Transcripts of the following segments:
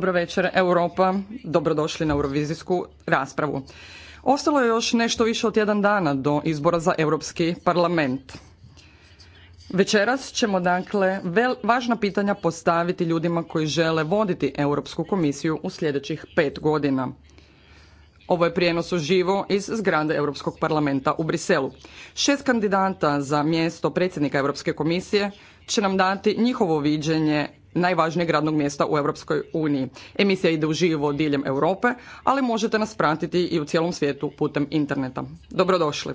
Dobro večer Europa, dobrodošli na Eurovizijsku raspravu. Ostalo je još nešto više od jedan dana do izbora za Europski parlament. Večeras ćemo dakle vel, važna pitanja postaviti ljudima koji žele voditi Europsku komisiju u sljedećih pet godina. Ovo je prijenos uživo iz zgrade Europskog parlamenta u Briselu. Šest kandidata za mjesto predsjednika Europske komisije će nam dati njihovo viđenje najvažnijeg radnog mjesta u Europskoj uniji. Emisija ide u diljem Europe, ali možete nas pratiti i u cijelom svijetu putem interneta. Dobrodošli.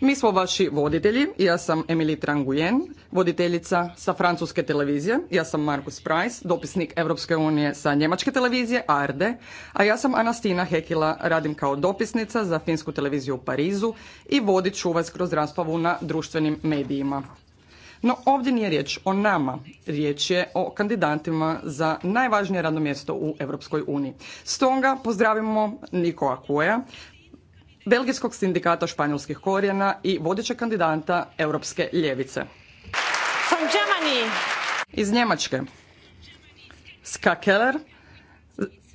Mi smo vaši voditelji, ja sam Emily Tranguyen, voditeljica sa francuske televizije, ja sam Markus Price, dopisnik Europske unije sa njemačke televizije, ARD, a ja sam Anastina Hekila, radim kao dopisnica za finsku televiziju u Parizu i vodit ću vas kroz raspravu na društvenim medijima. No ovdje nije riječ o nama, riječ je o kandidatima za najvažnije radno mjesto u Europskoj uniji. Stoga pozdravimo Niko Akuea, Belgijskog sindikata španjolskih korijena i vodećeg kandidata Europske ljevice. From Iz Njemačke. Ska Keller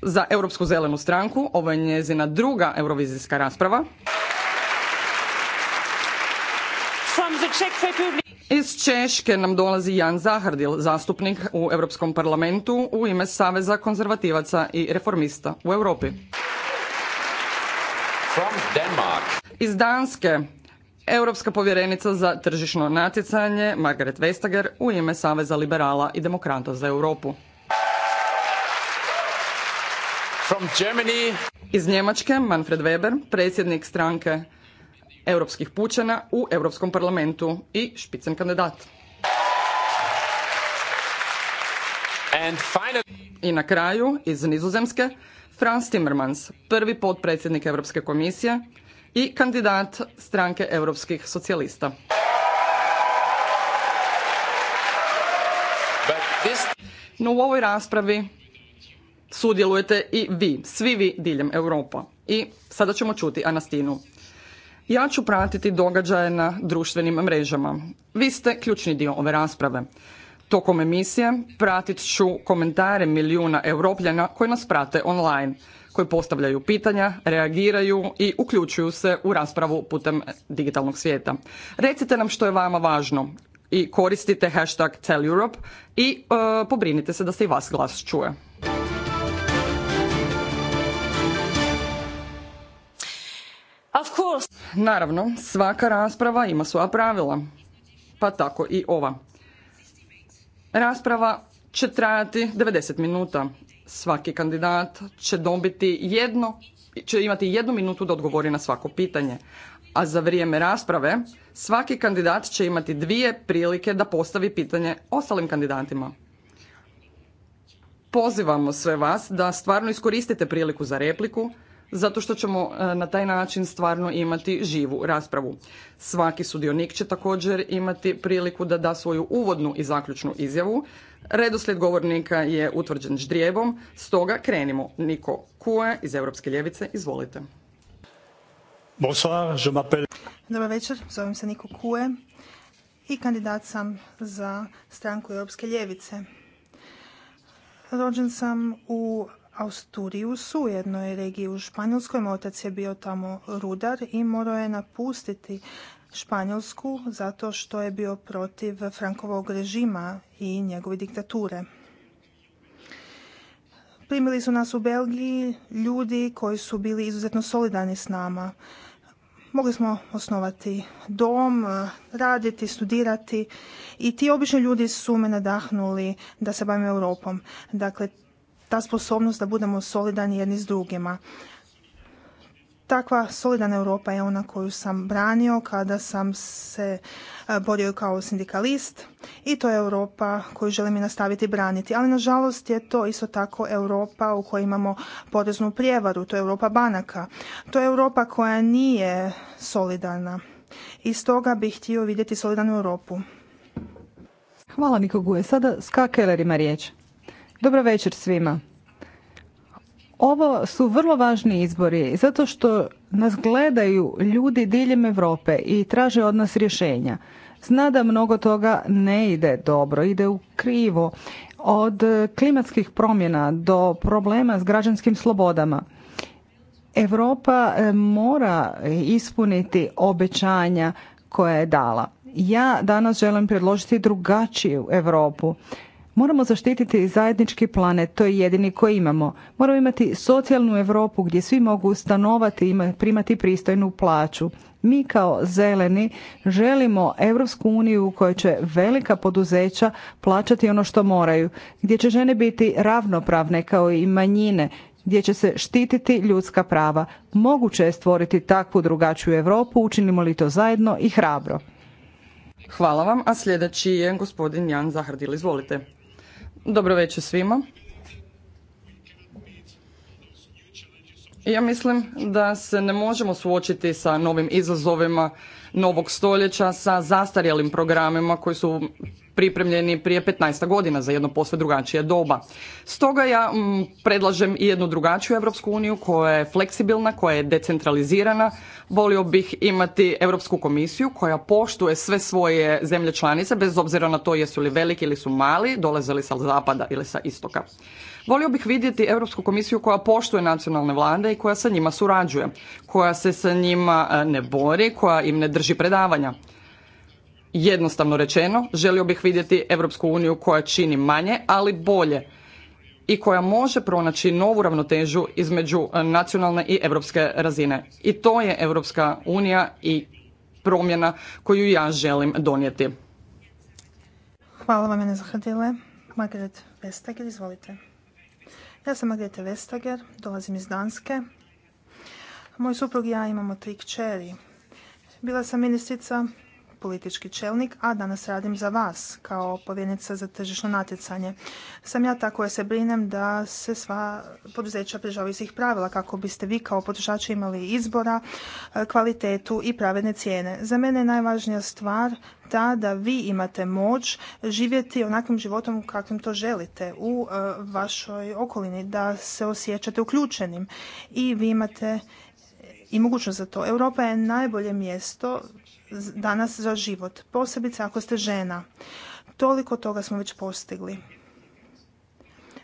za Europsku zelenu stranku. Ovo je njezina druga eurovizijska rasprava. From the Czech iz Češke nam dolazi Jan Zahardil, zastupnik u Europskom parlamentu u ime Saveza konzervativaca i reformista u Europi. Iz Danske, Europska povjerenica za tržišno natjecanje Margaret Vestager u ime Saveza liberala i demokrata za Europu. Iz Njemačke Manfred Weber, predsjednik stranke europskih pučana u Europskom parlamentu i špicen kandidat. And I na kraju, iz Nizozemske, Frans Timmermans, prvi potpredsjednik Europske komisije i kandidat stranke europskih socijalista. No u ovoj raspravi sudjelujete i vi, svi vi diljem Europa. I sada ćemo čuti Anastinu. Ja ću pratiti događaje na društvenim mrežama. Vi ste ključni dio ove rasprave. Tokom emisije pratit ću komentare milijuna europljana koji nas prate online, koji postavljaju pitanja, reagiraju i uključuju se u raspravu putem digitalnog svijeta. Recite nam što je vama važno i koristite hashtag Tell Europe i e, pobrinite se da se i vas glas čuje. Naravno, svaka rasprava ima svoja pravila, pa tako i ova. Rasprava će trajati 90 minuta. Svaki kandidat će dobiti jedno, će imati jednu minutu da odgovori na svako pitanje. A za vrijeme rasprave svaki kandidat će imati dvije prilike da postavi pitanje ostalim kandidatima. Pozivamo sve vas da stvarno iskoristite priliku za repliku, zato što ćemo e, na taj način stvarno imati živu raspravu. Svaki sudionik će također imati priliku da da svoju uvodnu i zaključnu izjavu. Redoslijed govornika je utvrđen ždrijebom, stoga krenimo. Niko Kue iz Europske ljevice, izvolite. Bonsoir, Dobar večer, zovem se Niko Kue i kandidat sam za stranku Europske ljevice. Rođen sam u u jednoj regiji u Španjolskoj. Moj otac je bio tamo rudar i morao je napustiti Španjolsku zato što je bio protiv Frankovog režima i njegove diktature. Primili su nas u Belgiji ljudi koji su bili izuzetno solidarni s nama. Mogli smo osnovati dom, raditi, studirati i ti obični ljudi su me nadahnuli da se bavim Europom. Dakle, ta sposobnost da budemo solidarni jedni s drugima. Takva solidarna Europa je ona koju sam branio kada sam se e, borio kao sindikalist i to je Europa koju želim i nastaviti braniti. Ali nažalost je to isto tako Europa u kojoj imamo poreznu prijevaru, to je Europa banaka. To je Europa koja nije solidarna. I stoga bih htio vidjeti solidarnu Europu. Hvala guje. Sada Ska ima riječ. Dobro večer svima. Ovo su vrlo važni izbori zato što nas gledaju ljudi diljem Europe i traže od nas rješenja. Zna da mnogo toga ne ide dobro, ide u krivo. Od klimatskih promjena do problema s građanskim slobodama. Europa e, mora ispuniti obećanja koja je dala. Ja danas želim predložiti drugačiju Europu. Moramo zaštititi zajednički planet, to je jedini koji imamo. Moramo imati socijalnu Europu gdje svi mogu stanovati i primati pristojnu plaću. Mi kao zeleni želimo Europsku uniju u kojoj će velika poduzeća plaćati ono što moraju, gdje će žene biti ravnopravne kao i manjine, gdje će se štititi ljudska prava. Moguće je stvoriti takvu drugačiju Europu, učinimo li to zajedno i hrabro. Hvala vam, a sljedeći je gospodin Jan Zahrdil, izvolite. Dobro večer svima. Ja mislim da se ne možemo suočiti sa novim izazovima novog stoljeća, sa zastarjelim programima koji su pripremljeni prije 15 godina za jedno posve drugačije doba. Stoga ja mm, predlažem i jednu drugačiju Europsku uniju koja je fleksibilna, koja je decentralizirana. Volio bih imati Europsku komisiju koja poštuje sve svoje zemlje članice bez obzira na to jesu li veliki ili su mali, dolaze li sa zapada ili sa istoka. Volio bih vidjeti Europsku komisiju koja poštuje nacionalne vlade i koja sa njima surađuje, koja se sa njima e, ne bori, koja im ne drži predavanja. Jednostavno rečeno, želio bih vidjeti Europsku uniju koja čini manje, ali bolje i koja može pronaći novu ravnotežu između nacionalne i europske razine. I to je Europska unija i promjena koju ja želim donijeti. Hvala vam, Vestager, Ja sam Vestager, dolazim iz Danske. Moj suprug i ja imamo tri kćeri. Bila sam ministrica politički čelnik, a danas radim za vas kao povjerenica za tržišno natjecanje. Sam ja tako koja se brinem da se sva poduzeća pridržavaju svih pravila kako biste vi kao potrošači imali izbora, e, kvalitetu i pravedne cijene. Za mene je najvažnija stvar ta da vi imate moć živjeti onakvim životom kakvim to želite u e, vašoj okolini, da se osjećate uključenim i vi imate i mogućnost za to. Europa je najbolje mjesto danas za život, posebice ako ste žena. Toliko toga smo već postigli.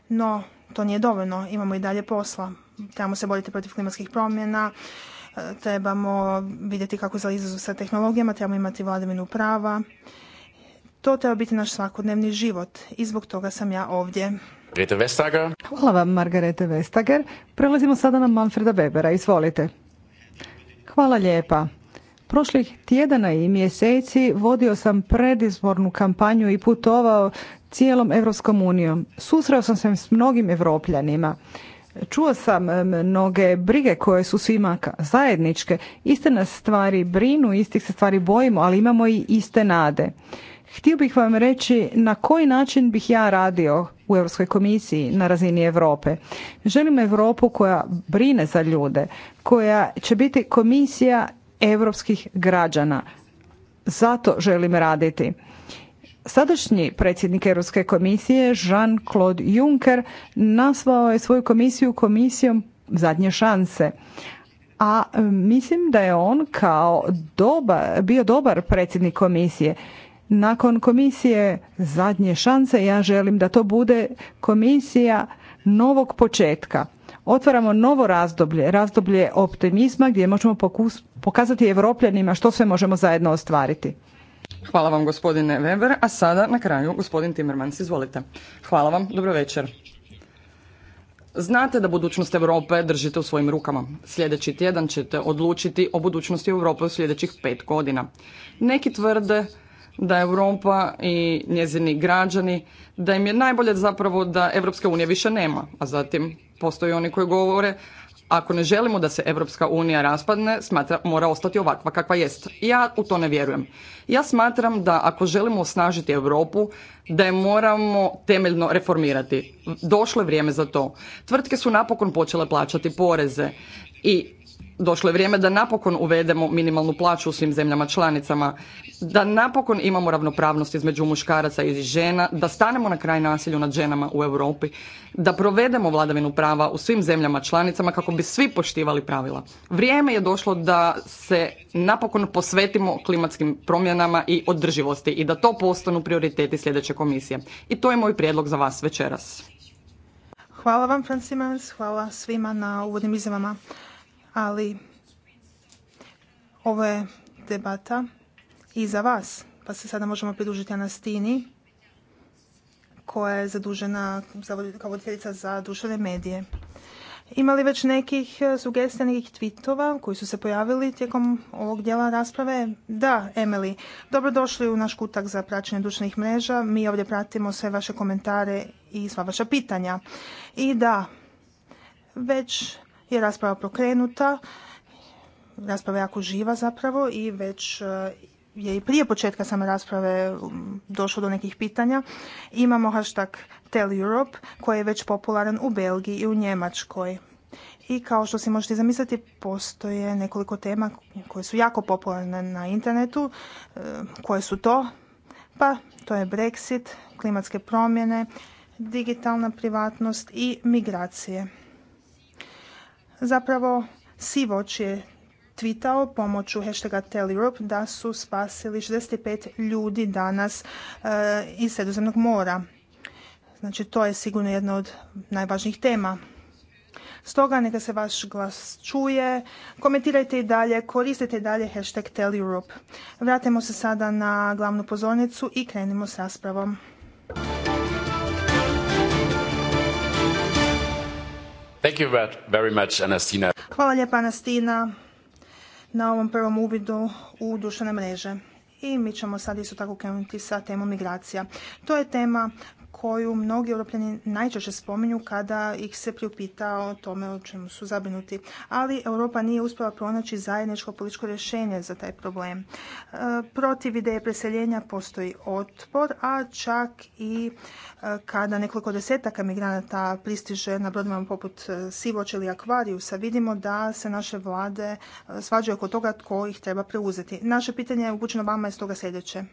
No, to nije dovoljno, imamo i dalje posla. Trebamo se boriti protiv klimatskih promjena, e, trebamo vidjeti kako za izazov sa tehnologijama, trebamo imati vladavinu prava. To treba biti naš svakodnevni život i zbog toga sam ja ovdje. Hvala vam, Margarete Vestager. Prelazimo sada na Manfreda Webera. Izvolite. Hvala lijepa. Prošlih tjedana i mjeseci vodio sam predizbornu kampanju i putovao cijelom Europskom unijom. Susreo sam se s mnogim evropljanima. Čuo sam mnoge brige koje su svima zajedničke. Iste nas stvari brinu, istih se stvari bojimo, ali imamo i iste nade. Htio bih vam reći na koji način bih ja radio u Europskoj komisiji na razini Europe. Želim Europu koja brine za ljude, koja će biti komisija europskih građana. Zato želim raditi. Sadašnji predsjednik Europske komisije Jean-Claude Juncker nazvao je svoju komisiju komisijom zadnje šanse. A mm, mislim da je on kao bio dobar predsjednik komisije. Nakon komisije zadnje šanse ja želim da to bude komisija novog početka otvaramo novo razdoblje, razdoblje optimizma gdje možemo pokazati Evropljanima što sve možemo zajedno ostvariti. Hvala vam gospodine Weber, a sada na kraju gospodin Timmermans, izvolite. Hvala vam, dobro večer. Znate da budućnost Europe držite u svojim rukama. Sljedeći tjedan ćete odlučiti o budućnosti Europe u sljedećih pet godina. Neki tvrde da Europa i njezini građani, da im je najbolje zapravo da Europska unija više nema. A zatim postoje oni koji govore ako ne želimo da se Europska unija raspadne, smatra, mora ostati ovakva kakva jest. Ja u to ne vjerujem. Ja smatram da ako želimo osnažiti Europu, da je moramo temeljno reformirati. Došlo je vrijeme za to. Tvrtke su napokon počele plaćati poreze i došlo je vrijeme da napokon uvedemo minimalnu plaću u svim zemljama članicama, da napokon imamo ravnopravnost između muškaraca i žena, da stanemo na kraj nasilju nad ženama u Europi, da provedemo vladavinu prava u svim zemljama članicama kako bi svi poštivali pravila. Vrijeme je došlo da se napokon posvetimo klimatskim promjenama i održivosti i da to postanu prioriteti sljedeće komisije. I to je moj prijedlog za vas večeras. Hvala vam, Franz Hvala svima na uvodnim izjavama ali ovo je debata i za vas, pa se sada možemo pridružiti Anastini koja je zadužena kao voditeljica za društvene medije. Ima li već nekih e, sugestija, nekih twitova koji su se pojavili tijekom ovog dijela rasprave? Da, Emily, dobrodošli u naš kutak za praćenje društvenih mreža. Mi ovdje pratimo sve vaše komentare i sva vaša pitanja. I da, već je rasprava pokrenuta, rasprava je jako živa zapravo i već e, je i prije početka same rasprave um, došlo do nekih pitanja. Imamo hashtag Tell Europe koji je već popularan u Belgiji i u Njemačkoj. I kao što si možete zamisliti, postoje nekoliko tema koje su jako popularne na internetu. E, koje su to? Pa to je Brexit, klimatske promjene, digitalna privatnost i migracije zapravo Sivoć je tvitao pomoću hashtaga Tell Europe da su spasili 65 ljudi danas eh, iz Sredozemnog mora. Znači to je sigurno jedna od najvažnijih tema. Stoga neka se vaš glas čuje, komentirajte i dalje, koristite i dalje hashtag Tell Europe. Vratimo se sada na glavnu pozornicu i krenimo s raspravom. Hvala lijepa Anastina na ovom prvom uvidu u društvene mreže. I mi ćemo sad isto tako krenuti sa temom migracija. To je tema koju mnogi europljani najčešće spominju kada ih se priupita o tome o čemu su zabrinuti. Ali Europa nije uspjela pronaći zajedničko političko rješenje za taj problem. E, protiv ideje preseljenja postoji otpor, a čak i e, kada nekoliko desetaka migranata pristiže na brodima poput e, Sivoća ili Akvarijusa, vidimo da se naše vlade svađaju oko toga tko ih treba preuzeti. Naše pitanje je upućeno vama je stoga sljedeće.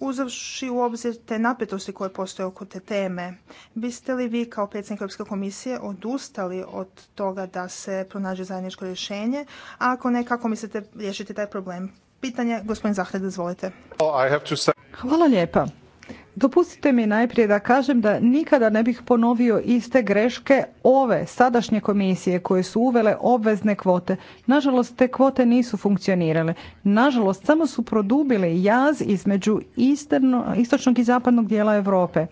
Uzavši u obzir te napetosti koje postoje oko te teme, biste li vi kao predsjednik Europske komisije odustali od toga da se pronađe zajedničko rješenje? A ako ne, kako mislite riješiti taj problem? Pitanje, gospodin Zahred, izvolite. Oh, Hvala lijepa. Dopustite mi najprije da kažem da nikada ne bih ponovio iste greške ove sadašnje komisije koje su uvele obvezne kvote. Nažalost, te kvote nisu funkcionirale. Nažalost, samo su produbile jaz između istočnog i zapadnog dijela Europe.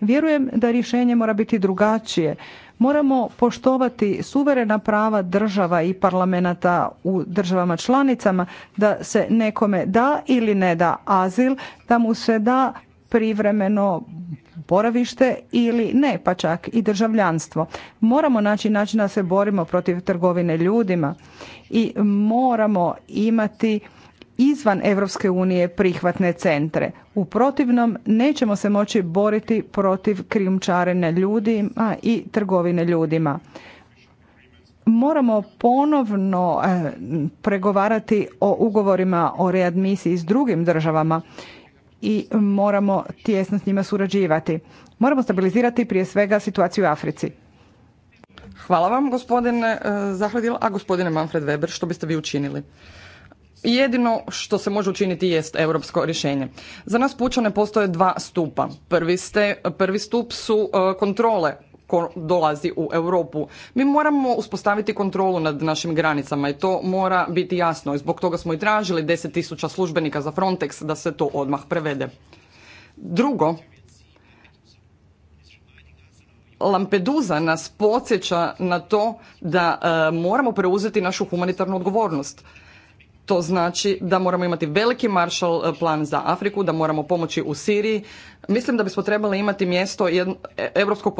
Vjerujem da rješenje mora biti drugačije. Moramo poštovati suverena prava država i parlamenta u državama članicama da se nekome da ili ne da azil, da mu se da privremeno boravište ili ne, pa čak i državljanstvo. Moramo naći način da se borimo protiv trgovine ljudima i moramo imati izvan Europske unije prihvatne centre. U protivnom nećemo se moći boriti protiv krijumčarenja ljudima i trgovine ljudima. Moramo ponovno eh, pregovarati o ugovorima o readmisiji s drugim državama i moramo tjesno s njima surađivati. Moramo stabilizirati prije svega situaciju u Africi. Hvala vam gospodine e, Zahradil, a gospodine Manfred Weber, što biste vi učinili? Jedino što se može učiniti jest europsko rješenje. Za nas pučane postoje dva stupa. Prvi, ste, prvi stup su e, kontrole dolazi u Europu. Mi moramo uspostaviti kontrolu nad našim granicama i to mora biti jasno. zbog toga smo i tražili 10.000 službenika za Frontex da se to odmah prevede. Drugo, Lampedusa nas podsjeća na to da e, moramo preuzeti našu humanitarnu odgovornost. To znači da moramo imati veliki Marshall eh, plan za Afriku, da moramo pomoći u Siriji. Mislim da bismo trebali imati mjesto e, evropskog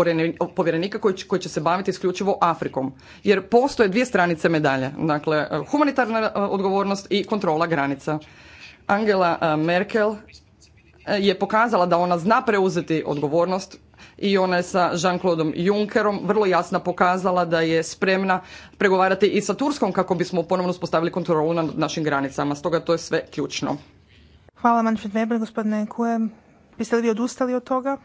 povjerenika koji će, koji će se baviti isključivo Afrikom. Jer postoje dvije stranice medalje. Dakle, eh, humanitarna eh, odgovornost i kontrola granica. Angela Merkel je pokazala da ona zna preuzeti odgovornost i ona je sa Jean-Claude Junckerom vrlo jasno pokazala da je spremna pregovarati i sa Turskom kako bismo ponovno uspostavili kontrolu nad našim granicama. Stoga to je sve ključno. Hvala Manfred Weber, gospodine Kue. Biste li vi odustali od toga?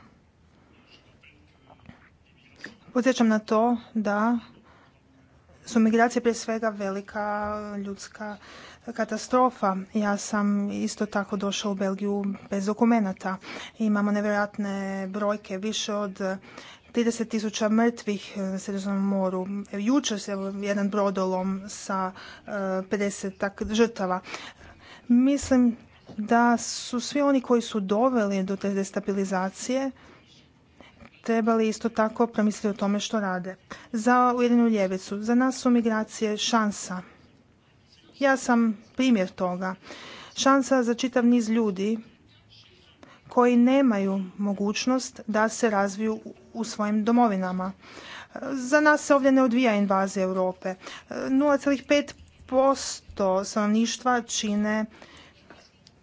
Podsjećam na to da su migracije prije svega velika ljudska katastrofa. Ja sam isto tako došao u Belgiju bez dokumenata. Imamo nevjerojatne brojke, više od 30 tisuća mrtvih na Sredozemnom moru. Jučer se jedan brodolom sa 50 eh, žrtava. Mislim da su svi oni koji su doveli do te destabilizacije trebali isto tako promisliti o tome što rade. Za Ujedinu ljevicu, za nas su migracije šansa ja sam primjer toga. Šansa za čitav niz ljudi koji nemaju mogućnost da se razviju u svojim domovinama. Za nas se ovdje ne odvija invazija Europe. 0,5% stanovništva čine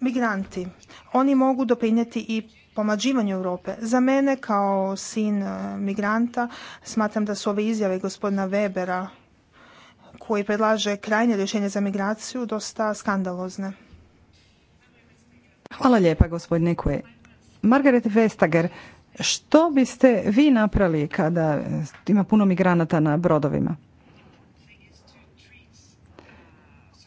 migranti. Oni mogu doprinijeti i pomađivanju Europe. Za mene kao sin eh, migranta smatram da su ove izjave gospodina Webera koji predlaže krajnje rješenje za migraciju dosta skandalozne. Hvala lijepa gospodine Kue. Margaret Vestager, što biste vi napravili kada ima puno migranata na brodovima?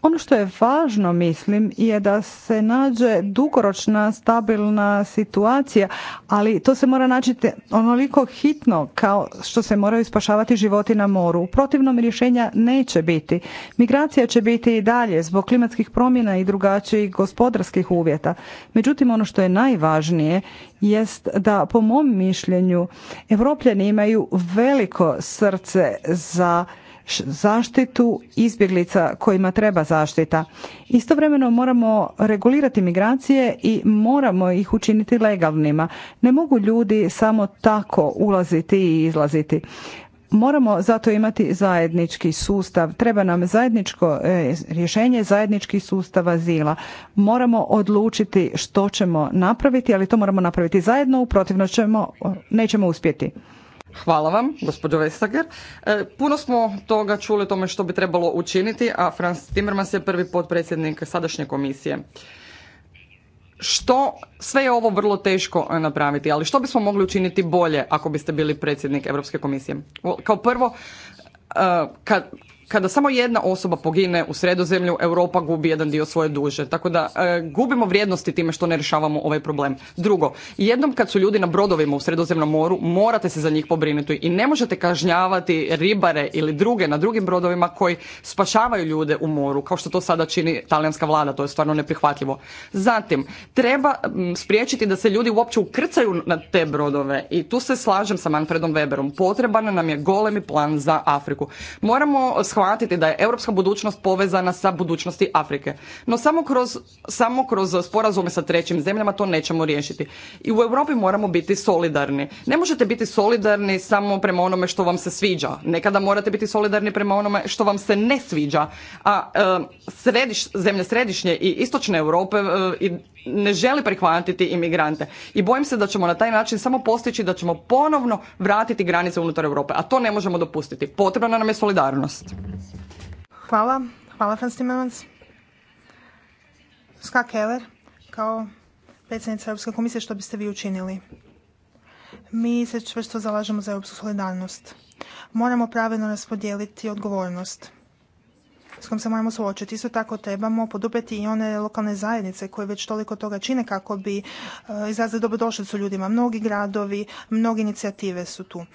Ono što je važno, mislim, je da se nađe dugoročna, stabilna situacija, ali to se mora naći onoliko hitno kao što se moraju spašavati životi na moru. U protivnom rješenja neće biti. Migracija će biti i dalje zbog klimatskih promjena i drugačijih gospodarskih uvjeta. Međutim, ono što je najvažnije jest da, po mom mišljenju, Evropljani imaju veliko srce za zaštitu izbjeglica kojima treba zaštita. Istovremeno moramo regulirati migracije i moramo ih učiniti legalnima. Ne mogu ljudi samo tako ulaziti i izlaziti. Moramo zato imati zajednički sustav. Treba nam zajedničko e, rješenje, zajednički sustav azila. Moramo odlučiti što ćemo napraviti, ali to moramo napraviti zajedno, u protivno ćemo, nećemo uspjeti. Hvala vam, gospođo Vestager. E, puno smo toga čuli o tome što bi trebalo učiniti, a Franz Timmermans je prvi potpredsjednik sadašnje komisije. Što, sve je ovo vrlo teško e, napraviti, ali što bismo mogli učiniti bolje ako biste bili predsjednik Europske komisije? Kao prvo, e, kad, kada samo jedna osoba pogine u sredozemlju, Europa gubi jedan dio svoje duže. Tako da e, gubimo vrijednosti time što ne rješavamo ovaj problem. Drugo, jednom kad su ljudi na brodovima u sredozemnom moru, morate se za njih pobrinuti i ne možete kažnjavati ribare ili druge na drugim brodovima koji spašavaju ljude u moru, kao što to sada čini talijanska vlada, to je stvarno neprihvatljivo. Zatim, treba spriječiti da se ljudi uopće ukrcaju na te brodove i tu se slažem sa Manfredom Weberom. Potreban nam je golemi plan za Afriku. Moramo shvatiti da je europska budućnost povezana sa budućnosti Afrike. No samo kroz, samo kroz sporazume sa trećim zemljama to nećemo riješiti. I u Europi moramo biti solidarni. Ne možete biti solidarni samo prema onome što vam se sviđa. Nekada morate biti solidarni prema onome što vam se ne sviđa. A e, zemlje središnje i istočne Europe e, i ne želi prihvatiti imigrante. I bojim se da ćemo na taj način samo postići da ćemo ponovno vratiti granice unutar Europe, a to ne možemo dopustiti. Potrebna nam je solidarnost. Hvala. Hvala, Franz Timmermans. Ska Keller, kao predsjednica Europske komisije, što biste vi učinili? Mi se čvrsto zalažemo za europsku solidarnost. Moramo pravedno raspodijeliti odgovornost s kojom se moramo suočiti. Isto tako trebamo podupeti i one lokalne zajednice koje već toliko toga čine kako bi e, izrazili dobrodošlicu ljudima. Mnogi gradovi, mnoge inicijative su tu.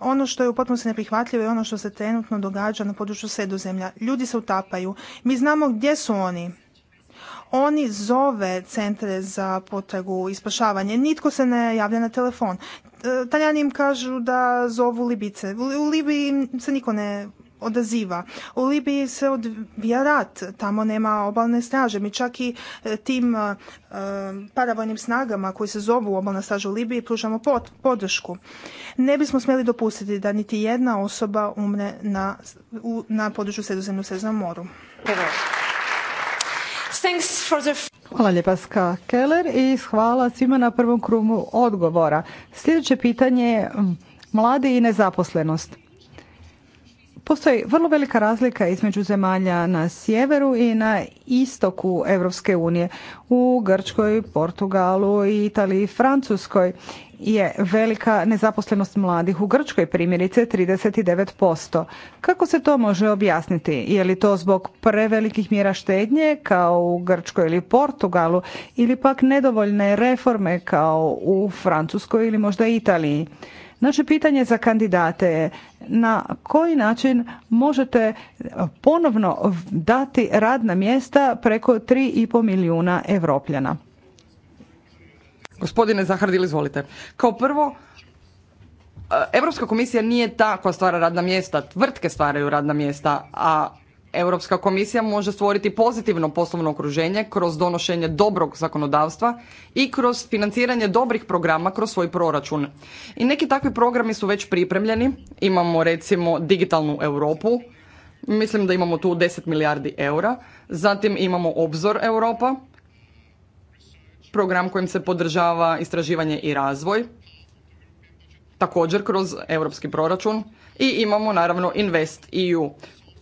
Ono što je u potpunosti neprihvatljivo je ono što se trenutno događa na području sredozemlja. Ljudi se utapaju. Mi znamo gdje su oni. Oni zove centre za potragu i spašavanje. Nitko se ne javlja na telefon. E, Talijani im kažu da zovu Libice. U Libiji se niko ne odaziva. U Libiji se odvija rat, tamo nema obalne straže. Mi čak i e, tim e, paravojnim snagama koji se zovu obalna straža u Libiji pružamo podršku. Ne bismo smjeli dopustiti da niti jedna osoba umre na, na području Sredozemnog moru. Hvala lijepa Keller i hvala svima na prvom krugu odgovora. Sljedeće pitanje je mladi i nezaposlenost. Postoji vrlo velika razlika između zemalja na sjeveru i na istoku Europske unije. U Grčkoj, Portugalu, Italiji, i Francuskoj je velika nezaposlenost mladih. U Grčkoj primjerice 39%. Kako se to može objasniti? Je li to zbog prevelikih mjera štednje kao u Grčkoj ili Portugalu ili pak nedovoljne reforme kao u Francuskoj ili možda Italiji? Naše pitanje za kandidate je na koji način možete ponovno dati radna mjesta preko 3,5 milijuna evropljana? Gospodine Zahardil, izvolite. Kao prvo, Europska komisija nije ta koja stvara radna mjesta, tvrtke stvaraju radna mjesta, a Europska komisija može stvoriti pozitivno poslovno okruženje kroz donošenje dobrog zakonodavstva i kroz financiranje dobrih programa kroz svoj proračun. I neki takvi programi su već pripremljeni. Imamo recimo digitalnu Europu, mislim da imamo tu 10 milijardi eura. Zatim imamo Obzor Europa, program kojim se podržava istraživanje i razvoj, također kroz europski proračun i imamo naravno Invest EU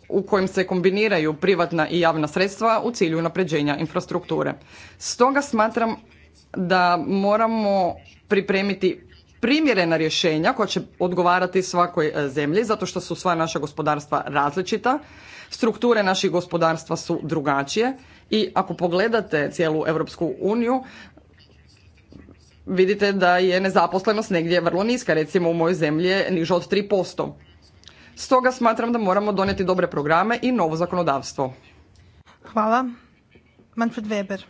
u kojem se kombiniraju privatna i javna sredstva u cilju unapređenja infrastrukture. Stoga smatram da moramo pripremiti primjerena rješenja koja će odgovarati svakoj e, zemlji zato što su sva naša gospodarstva različita, strukture naših gospodarstva su drugačije i ako pogledate cijelu Europsku uniju vidite da je nezaposlenost negdje vrlo niska, recimo u mojoj zemlji je niža od 3%. Stoga smatram da moramo donijeti dobre programe i novo zakonodavstvo. Hvala. Manfred Weber.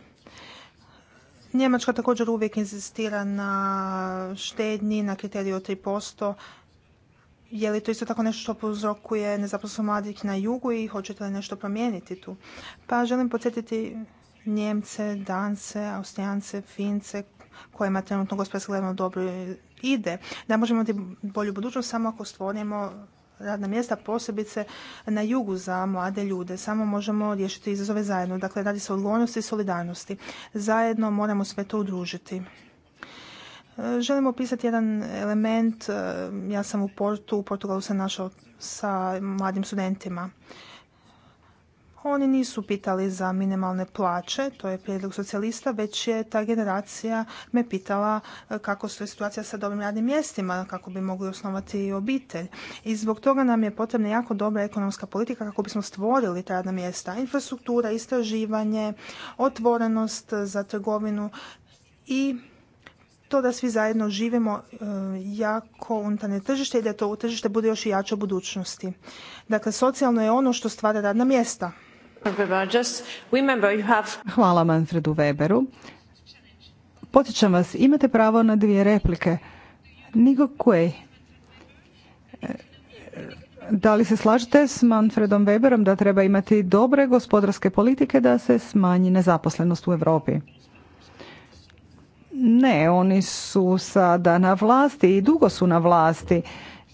Njemačka također uvijek insistira na štednji, na kriteriju od 3%. Je li to isto tako nešto što prouzrokuje nezaposlenost mladih na jugu i hoćete li nešto promijeniti tu? Pa želim podsjetiti Njemce, Dance, Austrijance, Fince, kojima trenutno gospodarski dobro ide, da možemo imati bolju budućnost samo ako stvorimo radna mjesta posebice na jugu za mlade ljude. Samo možemo riješiti izazove zajedno. Dakle, radi se o odgovornosti i solidarnosti. Zajedno moramo sve to udružiti. E, želimo opisati jedan element. E, ja sam u Portu, u Portugalu sam našao sa mladim studentima. Oni nisu pitali za minimalne plaće, to je prijedlog socijalista, već je ta generacija me pitala e, kako stoji situacija sa dobrim radnim mjestima, kako bi mogli osnovati obitelj. I zbog toga nam je potrebna jako dobra ekonomska politika kako bismo stvorili ta radna mjesta. Infrastruktura, istraživanje, otvorenost za trgovinu i to da svi zajedno živimo e, jako unutarnje tržište i da to tržište bude još i jače u budućnosti. Dakle, socijalno je ono što stvara radna mjesta. Hvala Manfredu Weberu. Potičam vas, imate pravo na dvije replike. Nigo Kuej, e, da li se slažete s Manfredom Weberom da treba imati dobre gospodarske politike da se smanji nezaposlenost u Europi? Ne, oni su sada na vlasti i dugo su na vlasti.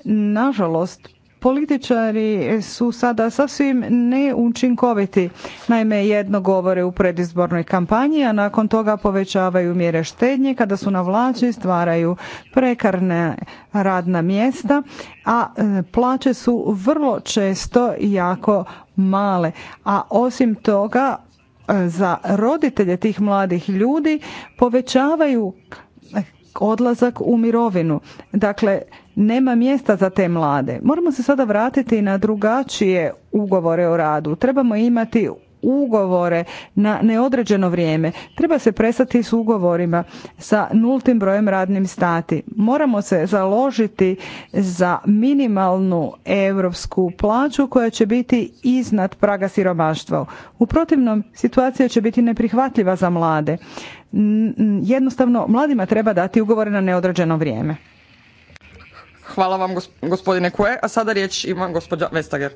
Nažalost, Političari su sada sasvim neučinkoviti. Naime, jedno govore u predizbornoj kampanji, a nakon toga povećavaju mjere štednje kada su na vlači stvaraju prekarne radna mjesta, a e, plaće su vrlo često jako male. A osim toga e, za roditelje tih mladih ljudi povećavaju odlazak u mirovinu. Dakle, nema mjesta za te mlade. Moramo se sada vratiti na drugačije ugovore o radu. Trebamo imati ugovore na neodređeno vrijeme. Treba se prestati s ugovorima sa nultim brojem radnim stati. Moramo se založiti za minimalnu europsku plaću koja će biti iznad praga siromaštva. U protivnom situacija će biti neprihvatljiva za mlade. Jednostavno mladima treba dati ugovore na neodređeno vrijeme. Hvala vam gospodine Kue, a sada riječ ima gospođa Vestager.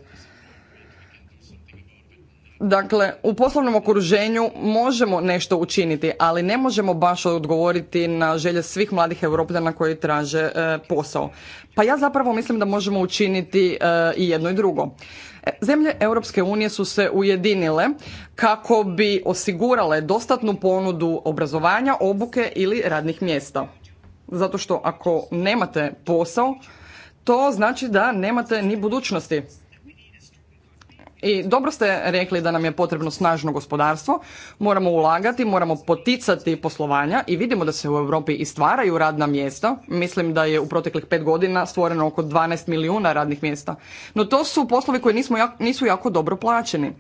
Dakle, u poslovnom okruženju možemo nešto učiniti, ali ne možemo baš odgovoriti na želje svih mladih europljana koji traže e, posao. Pa ja zapravo mislim da možemo učiniti e, i jedno i drugo. E, zemlje Europske unije su se ujedinile kako bi osigurale dostatnu ponudu obrazovanja, obuke ili radnih mjesta. Zato što ako nemate posao, to znači da nemate ni budućnosti. I dobro ste rekli da nam je potrebno snažno gospodarstvo, moramo ulagati, moramo poticati poslovanja i vidimo da se u Europi i stvaraju radna mjesta. Mislim da je u proteklih pet godina stvoreno oko 12 milijuna radnih mjesta. No to su poslovi koji nismo, nisu jako dobro plaćeni.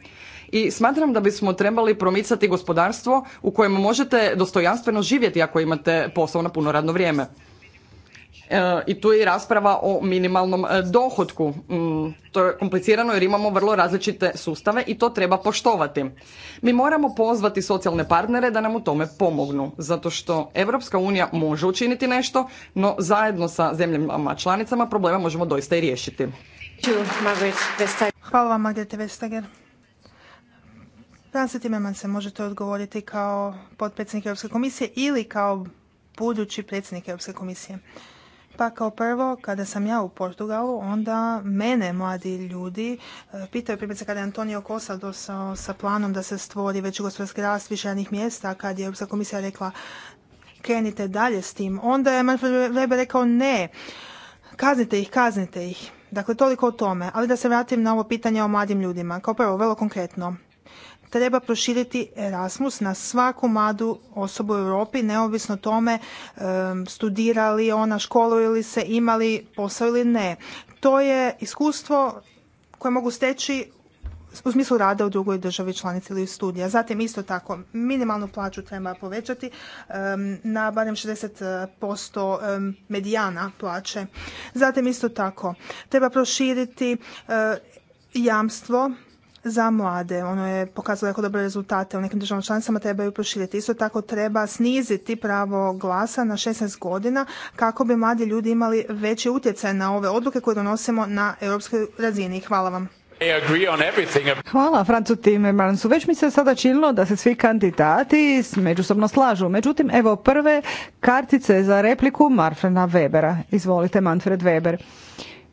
I smatram da bismo trebali promicati gospodarstvo u kojem možete dostojanstveno živjeti ako imate posao na puno radno vrijeme. E, i tu je i rasprava o minimalnom e, dohotku. Mm, to je komplicirano jer imamo vrlo različite sustave i to treba poštovati. Mi moramo pozvati socijalne partnere da nam u tome pomognu, zato što Europska unija može učiniti nešto, no zajedno sa zemljama članicama problema možemo doista i riješiti. Hvala vam, Magdete Vestager. se možete odgovoriti kao potpredsjednik Europske komisije ili kao budući predsjednik Europske komisije. Pa kao prvo, kada sam ja u Portugalu, onda mene mladi ljudi e, pitaju, primjerice kada je Antonio Kosa dosao sa planom da se stvori već gospodarski rast više radnih mjesta, kad je Europska komisija rekla krenite dalje s tim, onda je Manfred Weber rekao ne, kaznite ih, kaznite ih. Dakle, toliko o tome. Ali da se vratim na ovo pitanje o mladim ljudima. Kao prvo, vrlo konkretno treba proširiti Erasmus na svaku mladu osobu u Europi, neovisno tome studira li ona, školuje li se, ima li posao ili ne. To je iskustvo koje mogu steći u smislu rada u drugoj državi članici ili studija. Zatim isto tako minimalnu plaću treba povećati na barem 60% um, medijana plaće. Zatim isto tako treba proširiti e, jamstvo za mlade. Ono je pokazalo jako dobre rezultate. U nekim državama članicama trebaju proširiti. Isto tako treba sniziti pravo glasa na 16 godina kako bi mladi ljudi imali veći utjecaj na ove odluke koje donosimo na europskoj razini. Hvala vam. Hvala Francu Timmermansu. Već mi se sada činilo da se svi kandidati međusobno slažu. Međutim, evo prve kartice za repliku Marfrena Webera. Izvolite, Manfred Weber.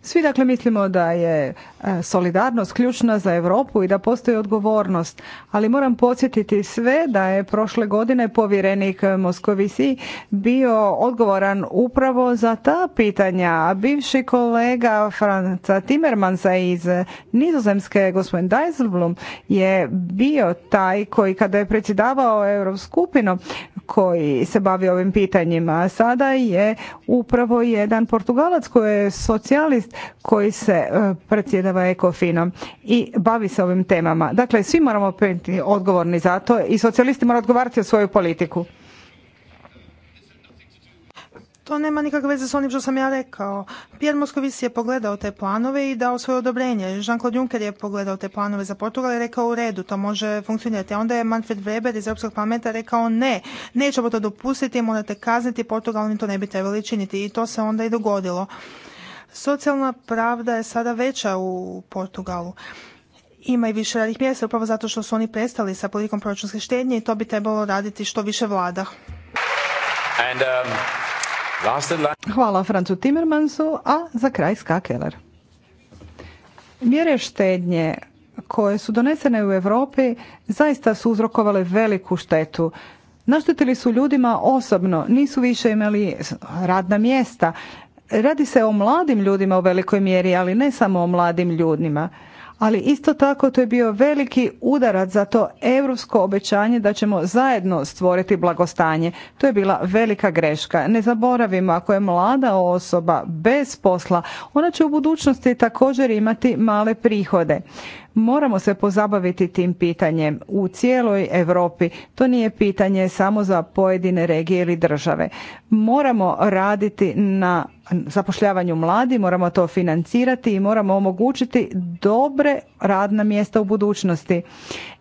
Svi dakle mislimo da je e, solidarnost ključna za Europu i da postoji odgovornost, ali moram podsjetiti sve da je prošle godine povjerenik Moskovisi bio odgovoran upravo za ta pitanja, a bivši kolega Franca Timmermansa iz Nizozemske, gospodin Dijsselblom, je bio taj koji kada je predsjedavao skupinom koji se bavi ovim pitanjima, a sada je upravo jedan Portugalac koji je socijalist koji se e, predsjedava ekofinom i bavi se ovim temama. Dakle, svi moramo biti odgovorni za to i socijalisti moraju odgovarati o svoju politiku. To nema nikakve veze s onim što sam ja rekao. Pierre Moscovici je pogledao te planove i dao svoje odobrenje. Jean-Claude Juncker je pogledao te planove za Portugal i rekao u redu, to može funkcionirati. onda je Manfred Weber iz Europskog parlamenta rekao ne, nećemo to dopustiti, morate kazniti Portugal, oni to ne bi trebali činiti. I to se onda i dogodilo. Socijalna pravda je sada veća u Portugalu. Ima i više radnih mjesta upravo zato što su oni prestali sa politikom proračunske štednje i to bi trebalo raditi što više vlada. Um, Hvala Francu Timmermansu, a za kraj Ska Keller. Mjere štednje koje su donesene u Europi zaista su uzrokovale veliku štetu. Naštetili su ljudima osobno, nisu više imali radna mjesta, Radi se o mladim ljudima u velikoj mjeri, ali ne samo o mladim ljudima. Ali isto tako to je bio veliki udarac za to europsko obećanje da ćemo zajedno stvoriti blagostanje. To je bila velika greška. Ne zaboravimo, ako je mlada osoba bez posla, ona će u budućnosti također imati male prihode. Moramo se pozabaviti tim pitanjem u cijeloj Europi. To nije pitanje samo za pojedine regije ili države. Moramo raditi na zapošljavanju mladi, moramo to financirati i moramo omogućiti dobre radna mjesta u budućnosti.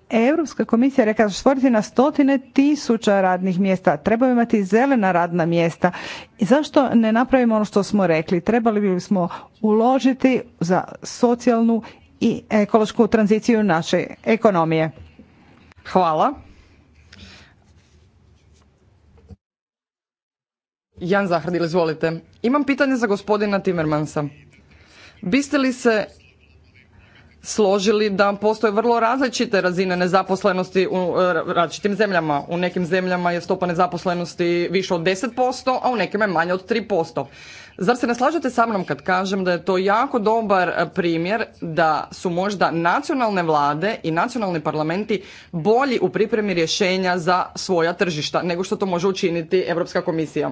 Europska komisija rekla stvoriti na stotine tisuća radnih mjesta, treba imati zelena radna mjesta. I zašto ne napravimo ono što smo rekli? Trebali bismo uložiti za socijalnu i ekološku tranziciju naše ekonomije. Hvala. Jan Zahradil, izvolite. Imam pitanje za gospodina Timmermansa. Biste li se složili da postoje vrlo različite razine nezaposlenosti u e, različitim zemljama. U nekim zemljama je stopa nezaposlenosti više od 10%, a u nekim je manje od 3%. Zar se ne slažete sa mnom kad kažem da je to jako dobar e, primjer da su možda nacionalne vlade i nacionalni parlamenti bolji u pripremi rješenja za svoja tržišta nego što to može učiniti Europska komisija?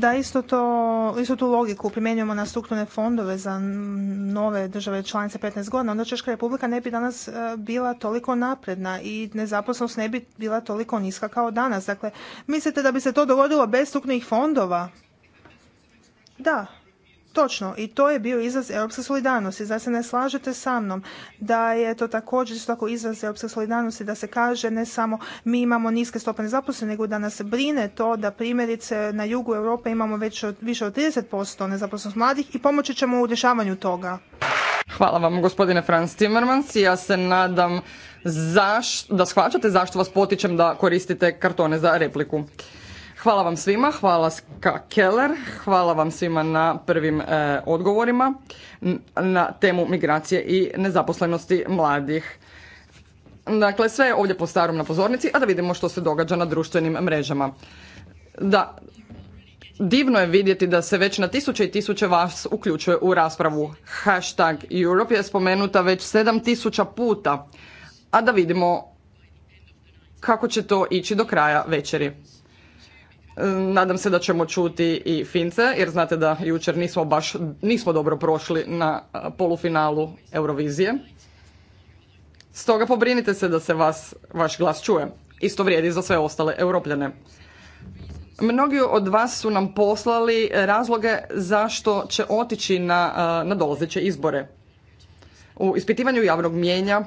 da isto, to, isto tu logiku primjenjujemo na strukturne fondove za nove države članice 15 godina, onda Češka republika ne bi danas e, bila toliko napredna i nezaposlenost ne bi bila toliko niska kao danas. Dakle, mislite da bi se to dogodilo bez strukturnih fondova? Da, Točno, i to je bio izraz europske solidarnosti. Zar se ne slažete sa mnom da je to također tako izraz europske solidarnosti da se kaže ne samo mi imamo niske stope nezaposlenosti, nego da nas brine to da primjerice na jugu Europe imamo već od, više od 30% nezaposlenih mladih i pomoći ćemo u rješavanju toga. Hvala vam gospodine Franz Timmermans. Ja se nadam zaš, da shvaćate zašto vas potičem da koristite kartone za repliku. Hvala vam svima, hvala Ska Keller, hvala vam svima na prvim e, odgovorima na temu migracije i nezaposlenosti mladih. Dakle, sve je ovdje po starom na pozornici, a da vidimo što se događa na društvenim mrežama. Da, divno je vidjeti da se već na tisuće i tisuće vas uključuje u raspravu. Hashtag Europe je spomenuta već sedam tisuća puta, a da vidimo kako će to ići do kraja večeri. Nadam se da ćemo čuti i Fince, jer znate da jučer nismo baš, nismo dobro prošli na polufinalu Eurovizije. Stoga pobrinite se da se vas, vaš glas čuje. Isto vrijedi za sve ostale europljane. Mnogi od vas su nam poslali razloge zašto će otići na, na dolazeće izbore. U ispitivanju javnog mijenja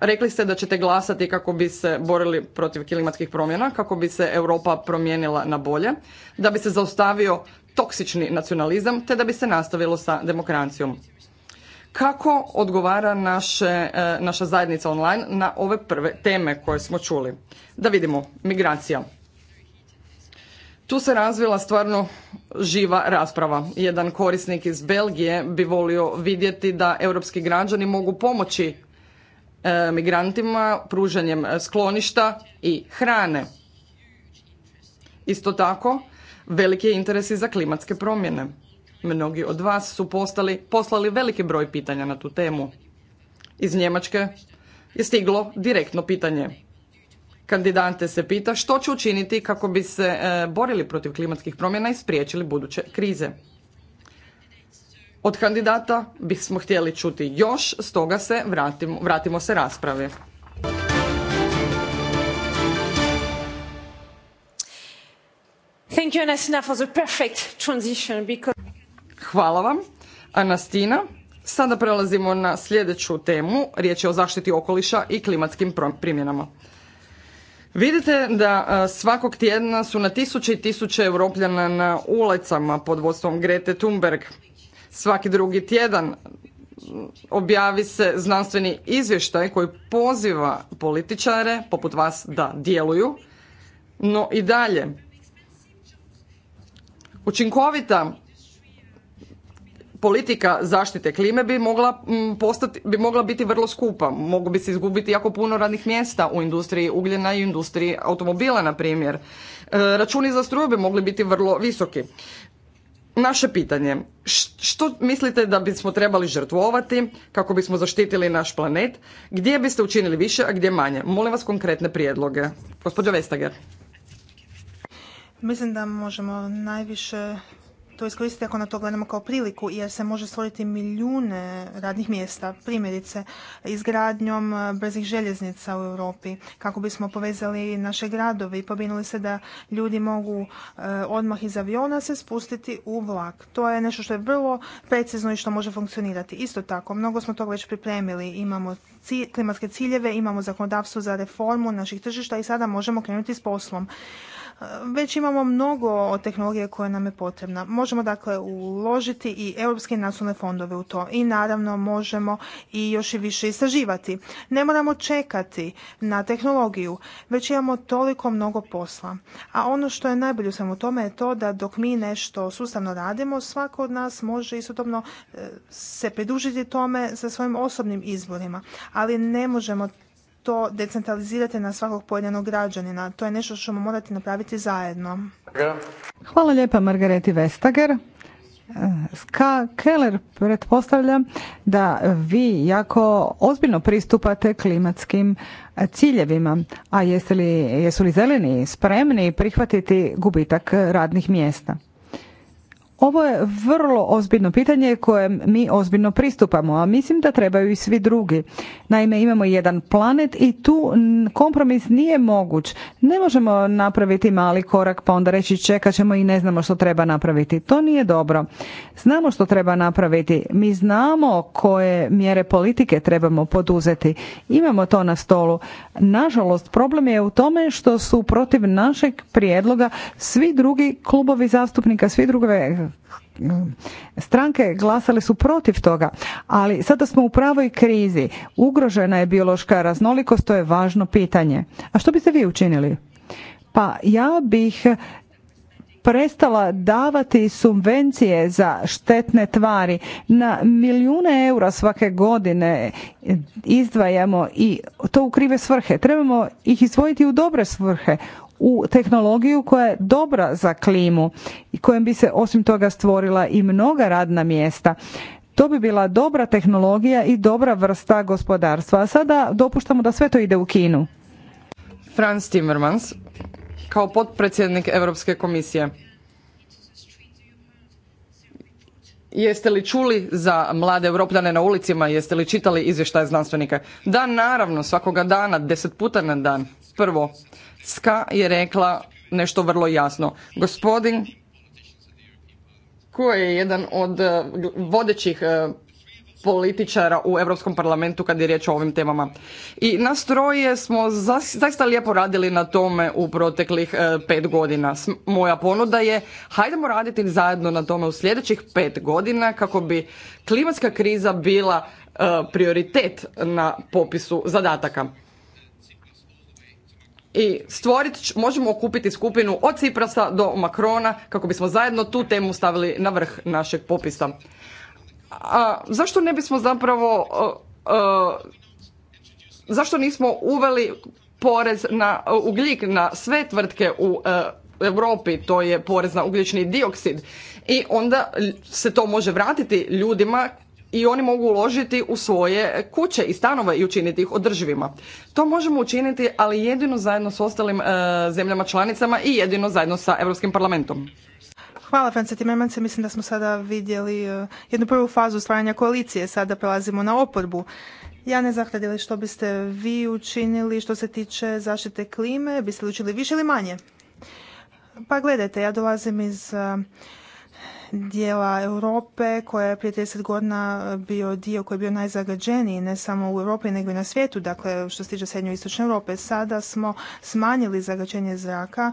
Rekli ste da ćete glasati kako bi se borili protiv klimatskih promjena, kako bi se Europa promijenila na bolje, da bi se zaustavio toksični nacionalizam te da bi se nastavilo sa demokracijom. Kako odgovara naše, e, naša zajednica online na ove prve teme koje smo čuli? Da vidimo, migracija. Tu se razvila stvarno živa rasprava. Jedan korisnik iz Belgije bi volio vidjeti da europski građani mogu pomoći E, migrantima pružanjem e, skloništa i hrane. Isto tako, veliki je interes i za klimatske promjene. Mnogi od vas su postali, poslali veliki broj pitanja na tu temu. Iz Njemačke je stiglo direktno pitanje. Kandidante se pita što će učiniti kako bi se e, borili protiv klimatskih promjena i spriječili buduće krize. Od kandidata bismo htjeli čuti još, stoga se vratimo, vratimo se raspravi. Thank you, Anastina, for the perfect transition because... Hvala vam, Anastina. Sada prelazimo na sljedeću temu, riječ je o zaštiti okoliša i klimatskim primjenama. Vidite da e, svakog tjedna su na tisuće i tisuće europljana na ulicama pod vodstvom Grete Thunberg svaki drugi tjedan objavi se znanstveni izvještaj koji poziva političare poput vas da djeluju, no i dalje učinkovita politika zaštite klime bi mogla, postati, bi mogla biti vrlo skupa. Mogu bi se izgubiti jako puno radnih mjesta u industriji ugljena i industriji automobila, na primjer. E, računi za struju bi mogli biti vrlo visoki naše pitanje, što mislite da bismo trebali žrtvovati kako bismo zaštitili naš planet? Gdje biste učinili više, a gdje manje? Molim vas konkretne prijedloge. gospođo Vestager. Mislim da možemo najviše to iskoristiti ako na to gledamo kao priliku, jer se može stvoriti milijune radnih mjesta, primjerice izgradnjom brzih željeznica u Europi, kako bismo povezali naše gradove i pobinuli se da ljudi mogu eh, odmah iz aviona se spustiti u vlak. To je nešto što je vrlo precizno i što može funkcionirati. Isto tako, mnogo smo toga već pripremili. Imamo klimatske ciljeve, imamo zakonodavstvo za reformu naših tržišta i sada možemo krenuti s poslom već imamo mnogo tehnologije koja nam je potrebna. Možemo dakle uložiti i europske i nacionalne fondove u to i naravno možemo i još i više istraživati. Ne moramo čekati na tehnologiju, već imamo toliko mnogo posla. A ono što je najbolje u svemu tome je to da dok mi nešto sustavno radimo, svako od nas može istodobno e, se pridružiti tome sa svojim osobnim izborima. Ali ne možemo to decentralizirate na svakog pojedinog građanina. To je nešto što ćemo morati napraviti zajedno. Hvala lijepa Margareti Vestager. E, Ska Keller, pretpostavlja da vi jako ozbiljno pristupate klimatskim e, ciljevima, a jeste li, jesu li zeleni spremni prihvatiti gubitak radnih mjesta? Ovo je vrlo ozbiljno pitanje koje mi ozbiljno pristupamo, a mislim da trebaju i svi drugi. Naime, imamo jedan planet i tu kompromis nije moguć. Ne možemo napraviti mali korak pa onda reći čekat ćemo i ne znamo što treba napraviti. To nije dobro. Znamo što treba napraviti. Mi znamo koje mjere politike trebamo poduzeti. Imamo to na stolu. Nažalost, problem je u tome što su protiv našeg prijedloga svi drugi klubovi zastupnika, svi druge Eh, stranke glasale su protiv toga, ali sada smo u pravoj krizi. Ugrožena je biološka raznolikost, to je važno pitanje. A što biste vi učinili? Pa ja bih prestala davati subvencije za štetne tvari. Na milijune eura svake godine izdvajamo i to u krive svrhe. Trebamo ih izdvojiti u dobre svrhe u tehnologiju koja je dobra za klimu i kojom bi se osim toga stvorila i mnoga radna mjesta. To bi bila dobra tehnologija i dobra vrsta gospodarstva. A sada dopuštamo da sve to ide u Kinu. Franz Timmermans, kao potpredsjednik Europske komisije. Jeste li čuli za mlade europljane na ulicima? Jeste li čitali izvještaje znanstvenika? Da, naravno, svakoga dana, deset puta na dan. Prvo, Ska je rekla nešto vrlo jasno. Gospodin koji je jedan od e, vodećih e, političara u Europskom parlamentu kad je riječ o ovim temama. I nas troje smo zaista lijepo radili na tome u proteklih e, pet godina. Moja ponuda je hajdemo raditi zajedno na tome u sljedećih pet godina kako bi klimatska kriza bila prioritet na popisu zadataka i stvorit možemo okupiti skupinu od Ciprasa do Makrona kako bismo zajedno tu temu stavili na vrh našeg popisa. A zašto ne bismo zapravo e, e, zašto nismo uveli porez na ugljik na sve tvrtke u e, Europi, to je porez na ugljični dioksid i onda se to može vratiti ljudima i oni mogu uložiti u svoje kuće i stanove i učiniti ih održivima. To možemo učiniti, ali jedino zajedno s ostalim e, zemljama članicama i jedino zajedno sa Europskim parlamentom. Hvala Franca Timemance. mislim da smo sada vidjeli e, jednu prvu fazu stvaranja koalicije, sada prelazimo na oporbu. Ja ne zahladili što biste vi učinili što se tiče zaštite klime, biste li učili više ili manje? Pa gledajte, ja dolazim iz e, dijela Europe koja je prije 30 godina eh, bio dio koji je bio najzagađeniji ne samo u Europi nego i na svijetu, dakle što se tiče srednjoistočne Europe. Sada smo smanjili zagađenje zraka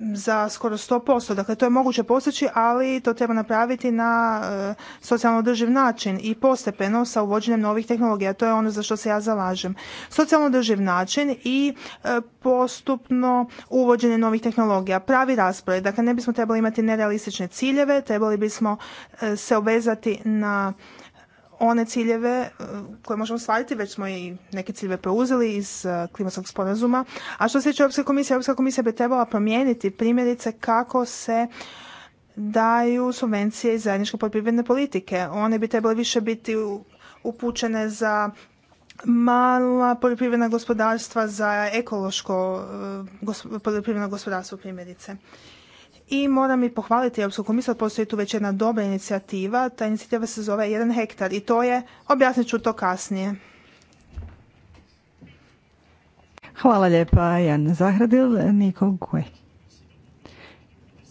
za skoro 100%. Dakle, to je moguće postići, ali to treba napraviti na e, socijalno održiv način i postepeno sa uvođenjem novih tehnologija. To je ono za što se ja zalažem. Socijalno održiv način i e, postupno uvođenje novih tehnologija. Pravi raspored. Dakle, ne bismo trebali imati nerealistične ciljeve, trebali bismo e, se obvezati na one ciljeve e, koje možemo ostvariti, već smo i neke ciljeve preuzeli iz e, klimatskog sporazuma. A što se tiče Europske komisije, Europska komisija bi trebala promijeniti primjerice kako se daju subvencije iz zajedničke poljoprivredne politike. One bi trebale više biti upućene za mala poljoprivredna gospodarstva, za ekološko e, poljoprivredno gospodarstvo primjerice. I moram i pohvaliti Europsku komisiju, postoji tu već jedna dobra inicijativa. Ta inicijativa se zove 1 hektar i to je, objasnit ću to kasnije. Hvala lijepa, Jan Zahradil, Niko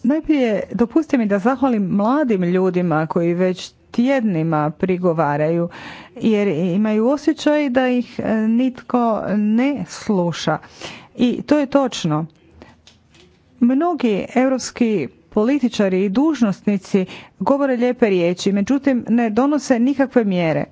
Najprije dopustite mi da zahvalim mladim ljudima koji već tjednima prigovaraju jer imaju osjećaj da ih e, nitko ne sluša. I to je točno. Mnogi europski političari i dužnosnici govore lijepe riječi, međutim ne donose nikakve mjere.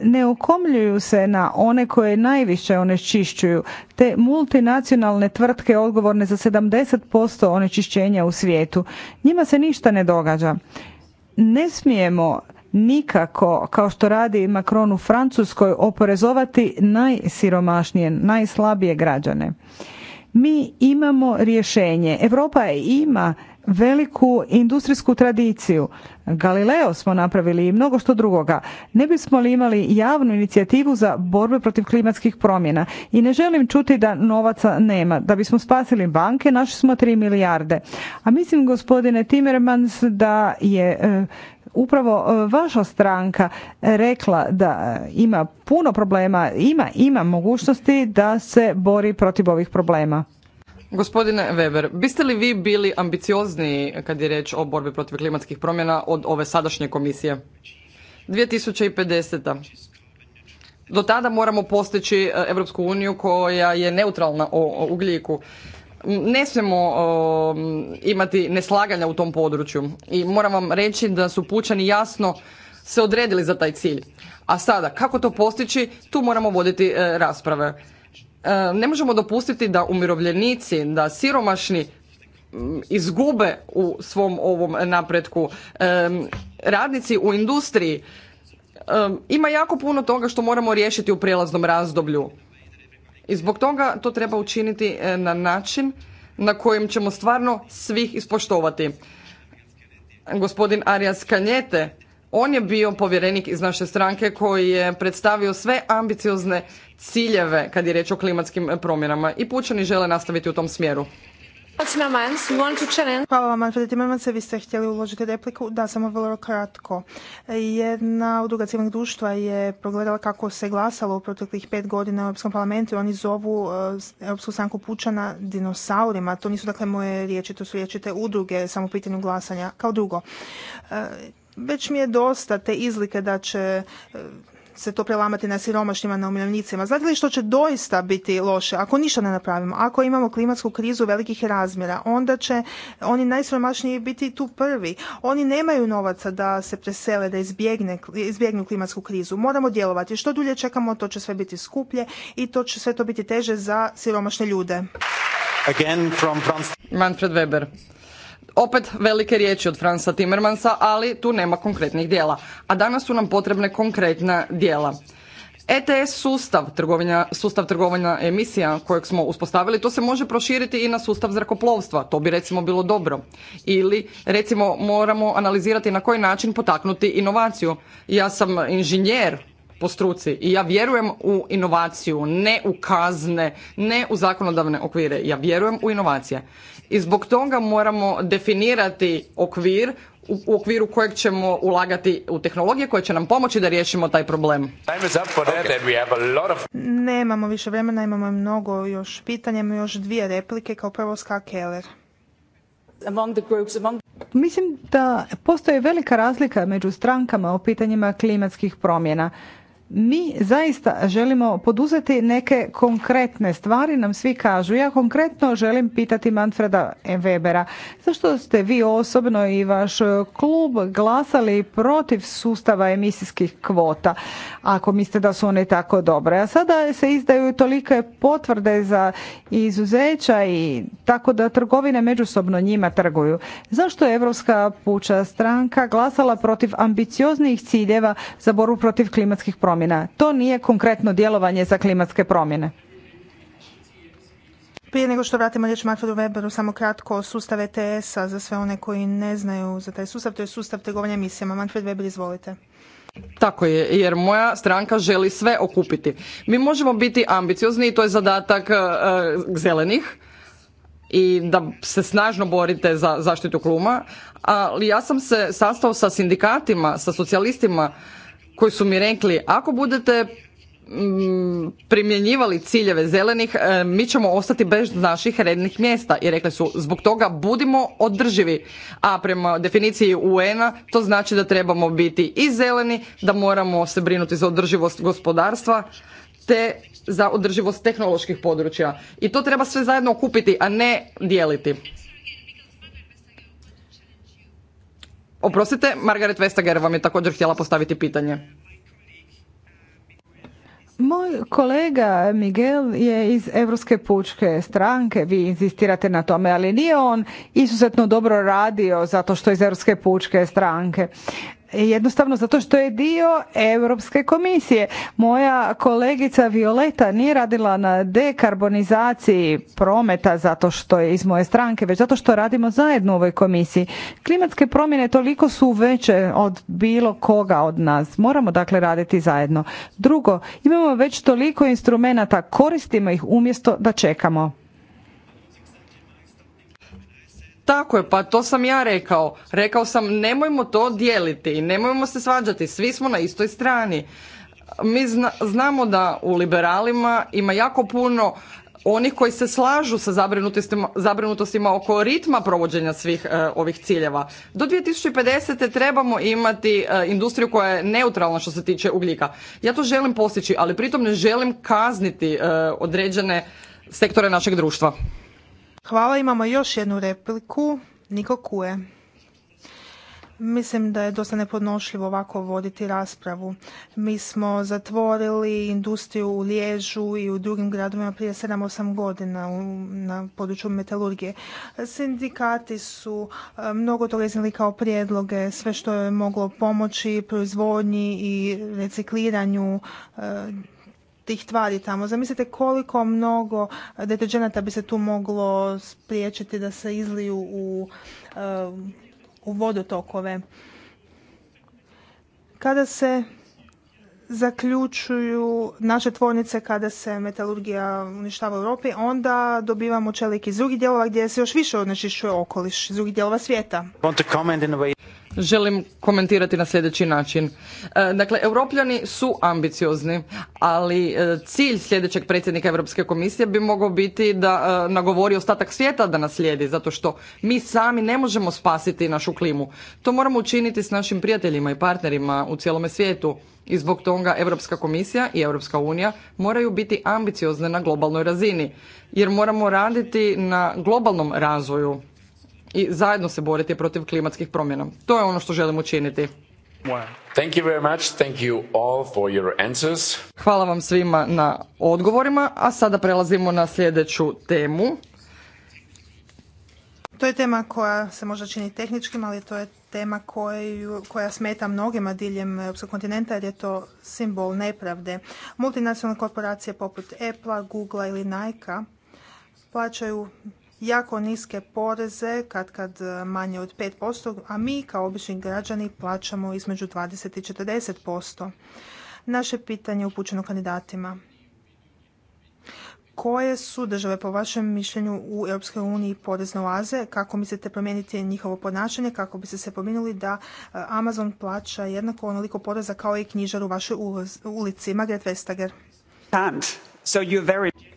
Ne okomljuju se na one koje najviše onečišćuju, te multinacionalne tvrtke odgovorne za 70% onečišćenja u svijetu. Njima se ništa ne događa. Ne smijemo nikako, kao što radi Macron u Francuskoj, oporezovati najsiromašnije, najslabije građane. Mi imamo rješenje. Europa ima veliku industrijsku tradiciju. Galileo smo napravili i mnogo što drugoga. Ne bismo li imali javnu inicijativu za borbu protiv klimatskih promjena? I ne želim čuti da novaca nema. Da bismo spasili banke, našli smo 3 milijarde. A mislim, gospodine Timmermans, da je e, upravo e, vaša stranka rekla da ima puno problema, ima, ima mogućnosti da se bori protiv ovih problema. Gospodine Weber, biste li vi bili ambiciozniji kad je riječ o borbi protiv klimatskih promjena od ove sadašnje komisije? 2050. Do tada moramo postići e, Evropsku uniju koja je neutralna o ugljiku ne smijemo imati neslaganja u tom području i moram vam reći da su pučani jasno se odredili za taj cilj. A sada, kako to postići, tu moramo voditi e, rasprave. E, ne možemo dopustiti da umirovljenici, da siromašni izgube u svom ovom napretku. E, radnici u industriji, ima jako puno toga što moramo riješiti u prijelaznom razdoblju. I zbog toga to treba učiniti e, na način na kojem ćemo stvarno svih ispoštovati. Gospodin Arias Kanjete, on je bio povjerenik iz naše stranke koji je predstavio sve ambiciozne ciljeve kad je riječ o klimatskim promjenama i pučani žele nastaviti u tom smjeru. Hvala vam, se Timmermans. E, vi ste htjeli uložiti repliku. Da, samo vrlo kratko. E, jedna udruga civilnog društva je progledala kako se glasalo u proteklih pet godina u Europskom parlamentu i oni zovu e, Europsku stranku pučana dinosaurima. To nisu dakle moje riječi, to su riječi te udruge, samo pitanju glasanja. Kao drugo, već mi je dosta te izlike da će se to prelamati na siromašnjima, na umirovljenicima. Znate li što će doista biti loše ako ništa ne napravimo? Ako imamo klimatsku krizu velikih razmjera, onda će oni najsiromašniji biti tu prvi. Oni nemaju novaca da se presele, da izbjegnu klimatsku krizu. Moramo djelovati. Što dulje čekamo, to će sve biti skuplje i to će sve to biti teže za siromašne ljude. Manfred Weber opet velike riječi od Fransa Timmermansa, ali tu nema konkretnih djela. A danas su nam potrebne konkretna djela. ETS sustav trgovanja, sustav trgovanja emisija kojeg smo uspostavili, to se može proširiti i na sustav zrakoplovstva. To bi recimo bilo dobro. Ili recimo moramo analizirati na koji način potaknuti inovaciju. Ja sam inženjer, po struci i ja vjerujem u inovaciju, ne u kazne, ne u zakonodavne okvire, ja vjerujem u inovacije. I zbog toga moramo definirati okvir u okviru kojeg ćemo ulagati u tehnologije koje će nam pomoći da riješimo taj problem. Nemamo više vremena, imamo mnogo još pitanja, imamo još dvije replike, kao prvo Ska Keller. Mislim da postoji velika razlika među strankama o pitanjima klimatskih promjena mi zaista želimo poduzeti neke konkretne stvari, nam svi kažu. Ja konkretno želim pitati Manfreda Webera, zašto ste vi osobno i vaš klub glasali protiv sustava emisijskih kvota, ako mislite da su one tako dobre? A sada se izdaju tolike potvrde za izuzeća i tako da trgovine međusobno njima trguju. Zašto je Evropska puča stranka glasala protiv ambicioznih ciljeva za boru protiv klimatskih promjena? promjena. To nije konkretno djelovanje za klimatske promjene. Prije nego što vratimo riječ Manfredu Weberu, samo kratko o sustavu ETS-a za sve one koji ne znaju za taj sustav. To je sustav trgovanja emisijama. Manfred Weber, izvolite. Tako je, jer moja stranka želi sve okupiti. Mi možemo biti ambiciozni i to je zadatak e, zelenih i da se snažno borite za zaštitu kluma, ali ja sam se sastao sa sindikatima, sa socijalistima, koji su mi rekli ako budete mm, primjenjivali ciljeve zelenih, e, mi ćemo ostati bez naših rednih mjesta. I rekli su, zbog toga budimo održivi. A prema definiciji UN-a to znači da trebamo biti i zeleni, da moramo se brinuti za održivost gospodarstva, te za održivost tehnoloških područja. I to treba sve zajedno okupiti, a ne dijeliti. Oprostite, Margaret Vestager vam je također htjela postaviti pitanje. Moj kolega Miguel je iz Europske pučke stranke, vi insistirate na tome, ali nije on izuzetno dobro radio zato što je iz Europske pučke stranke jednostavno zato što je dio Europske komisije. Moja kolegica Violeta nije radila na dekarbonizaciji prometa zato što je iz moje stranke, već zato što radimo zajedno u ovoj komisiji. Klimatske promjene toliko su veće od bilo koga od nas. Moramo dakle raditi zajedno. Drugo, imamo već toliko instrumenata, koristimo ih umjesto da čekamo. Tako je, pa to sam ja rekao. Rekao sam nemojmo to dijeliti i nemojmo se svađati, svi smo na istoj strani. Mi znamo da u liberalima ima jako puno onih koji se slažu sa zabrinutostima, zabrinutostima oko ritma provođenja svih e, ovih ciljeva. Do 2050. trebamo imati e, industriju koja je neutralna što se tiče ugljika. Ja to želim postići, ali pritom ne želim kazniti e, određene sektore našeg društva. Hvala, imamo još jednu repliku. Niko Kue. Mislim da je dosta nepodnošljivo ovako voditi raspravu. Mi smo zatvorili industriju u Liježu i u drugim gradovima prije 7-8 godina na području metalurgije. Sindikati su e, mnogo toga iznijeli kao prijedloge, sve što je moglo pomoći proizvodnji i recikliranju e, tih tvari tamo. Zamislite koliko mnogo deteđenata bi se tu moglo spriječiti da se izliju u, eh, u vodotokove. Kada se zaključuju naše tvornice kada se metalurgija uništava u Europi, onda dobivamo čelik iz drugih dijelova gdje se još više onečišćuje okoliš iz drugih dijelova svijeta želim komentirati na sljedeći način. E, dakle, europljani su ambiciozni, ali e, cilj sljedećeg predsjednika Europske komisije bi mogao biti da e, nagovori ostatak svijeta da nas slijedi, zato što mi sami ne možemo spasiti našu klimu. To moramo učiniti s našim prijateljima i partnerima u cijelome svijetu. I zbog toga Europska komisija i Europska unija moraju biti ambiciozne na globalnoj razini, jer moramo raditi na globalnom razvoju i zajedno se boriti protiv klimatskih promjena. To je ono što želim učiniti. Hvala vam svima na odgovorima, a sada prelazimo na sljedeću temu. To je tema koja se možda čini tehničkim, ali to je tema koja smeta mnogima diljem Europskog kontinenta jer je to simbol nepravde. Multinacionalne korporacije poput Apple, Google ili Nike plaćaju jako niske poreze, kad kad e, manje od 5%, a mi kao obični građani plaćamo između 20 i 40%. Naše pitanje je upućeno kandidatima. Koje su države po vašem mišljenju u uniji porezno oaze? Kako mislite promijeniti njihovo ponašanje? Kako biste se pominuli da e, Amazon plaća jednako onoliko poreza kao i knjižar u vašoj ulici? Margaret Vestager.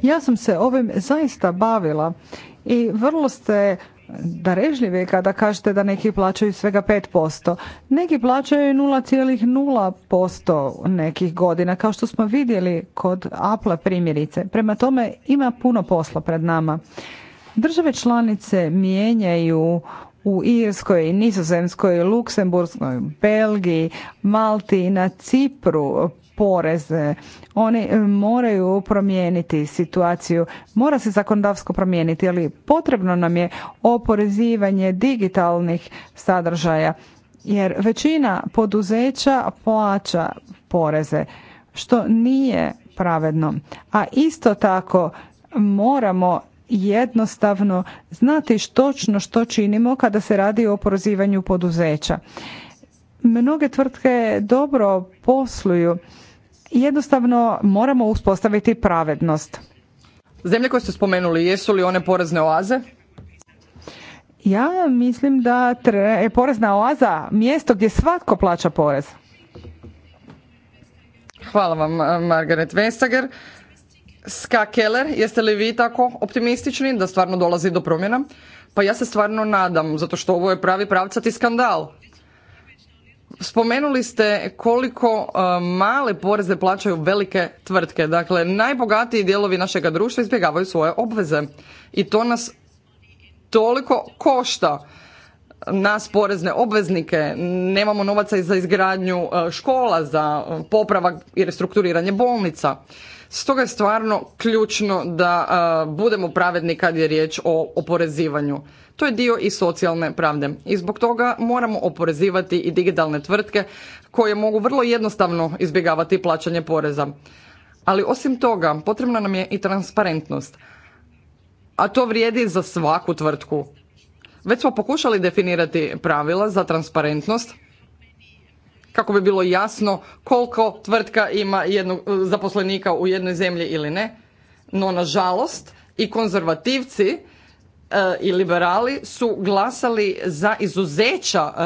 Ja sam se ovim zaista bavila i vrlo ste darežljivi kada kažete da neki plaćaju svega 5%. Neki plaćaju 0,0% nekih godina, kao što smo vidjeli kod Apple primjerice. Prema tome ima puno posla pred nama. Države članice mijenjaju u Irskoj, Nizozemskoj, Luksemburskoj, Belgiji, Malti, na Cipru poreze. Oni e, moraju promijeniti situaciju. Mora se zakonodavsko promijeniti, ali potrebno nam je oporezivanje digitalnih sadržaja jer većina poduzeća plaća poreze što nije pravedno. A isto tako moramo jednostavno znati točno što činimo kada se radi o oporezivanju poduzeća. Mnoge tvrtke dobro posluju Jednostavno moramo uspostaviti pravednost. Zemlje koje ste spomenuli, jesu li one porezne oaze? Ja mislim da je e, porezna oaza mjesto gdje svatko plaća porez. Hvala vam, eh, Margaret Vestager. Ska Keller, jeste li vi tako optimistični da stvarno dolazi do promjena? Pa ja se stvarno nadam, zato što ovo je pravi pravcati skandal. Spomenuli ste koliko e, male poreze plaćaju velike tvrtke. Dakle, najbogatiji dijelovi našega društva izbjegavaju svoje obveze. I to nas toliko košta nas porezne obveznike, nemamo novaca za izgradnju e, škola, za popravak i restrukturiranje bolnica. Stoga je stvarno ključno da e, budemo pravedni kad je riječ o oporezivanju to je dio i socijalne pravde. I zbog toga moramo oporezivati i digitalne tvrtke koje mogu vrlo jednostavno izbjegavati plaćanje poreza. Ali osim toga, potrebna nam je i transparentnost. A to vrijedi za svaku tvrtku. Već smo pokušali definirati pravila za transparentnost kako bi bilo jasno koliko tvrtka ima jednog zaposlenika u jednoj zemlji ili ne. No, nažalost, i konzervativci E, i liberali su glasali za izuzeća e,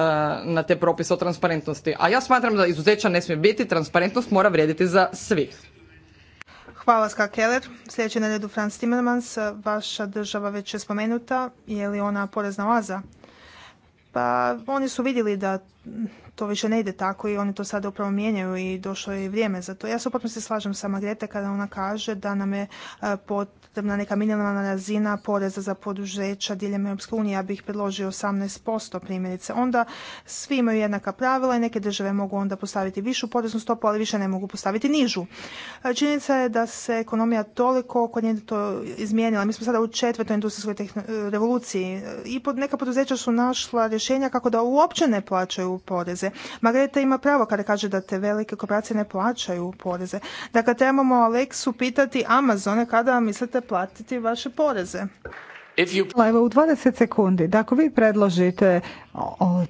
na te propise o transparentnosti. A ja smatram da izuzeća ne smije biti, transparentnost mora vrijediti za svih. Hvala Ska Keller. Sljedeći na redu Franz Timmermans. Vaša država već je spomenuta. Je li ona porezna oaza? Pa oni su vidjeli da to više ne ide tako i oni to sada upravo mijenjaju i došlo je vrijeme za to. Ja se se slažem sa Magrete kada ona kaže da nam je e, potrebna neka minimalna razina poreza za poduzeća diljem Europske unije, ja bih predložio 18% primjerice. Onda svi imaju jednaka pravila i neke države mogu onda postaviti višu poreznu stopu, ali više ne mogu postaviti nižu. E, činjenica je da se ekonomija toliko kod nje to izmijenila. Mi smo sada u četvrtoj industrijskoj revoluciji i neka poduzeća su našla rješenja kako da uopće ne plaćaju poreze. Margareta ima pravo kada kaže da te velike korporacije ne plaćaju poreze. Dakle, trebamo Aleksu pitati Amazone kada mislite platiti vaše poreze. Evo u 20 sekundi, da ako vi predložite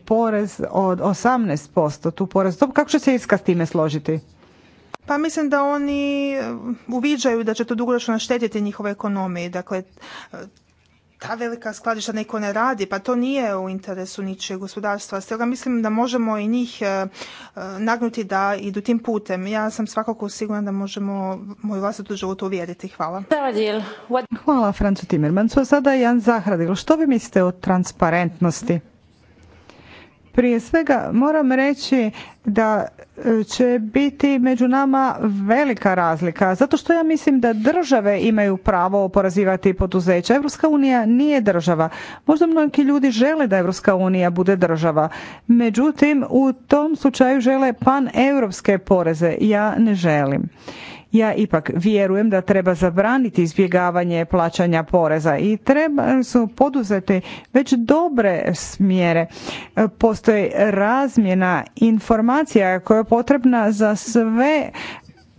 porez od 18%, tu porez, kako će se Iska s time složiti? Pa mislim da oni e, uviđaju da će to dugoročno naštetiti njihove ekonomiji. Dakle, ta velika skladišta neko ne radi, pa to nije u interesu ničeg gospodarstva. Stoga mislim da možemo i njih e, e, nagnuti da idu tim putem. Ja sam svakako sigurna da možemo moju vlastitu životu uvjeriti. Hvala. Hvala Francu Timmermansu. Sada Jan Zahradil. Što vi mislite o transparentnosti? Prije svega moram reći da e, će biti među nama velika razlika, zato što ja mislim da države imaju pravo oporazivati poduzeća. Europska unija nije država. Možda mnogi ljudi žele da Europska unija bude država. Međutim, u tom slučaju žele pan-europske poreze. Ja ne želim. Ja ipak vjerujem da treba zabraniti izbjegavanje plaćanja poreza i treba su poduzete već dobre smjere. Postoji razmjena informacija koja je potrebna za sve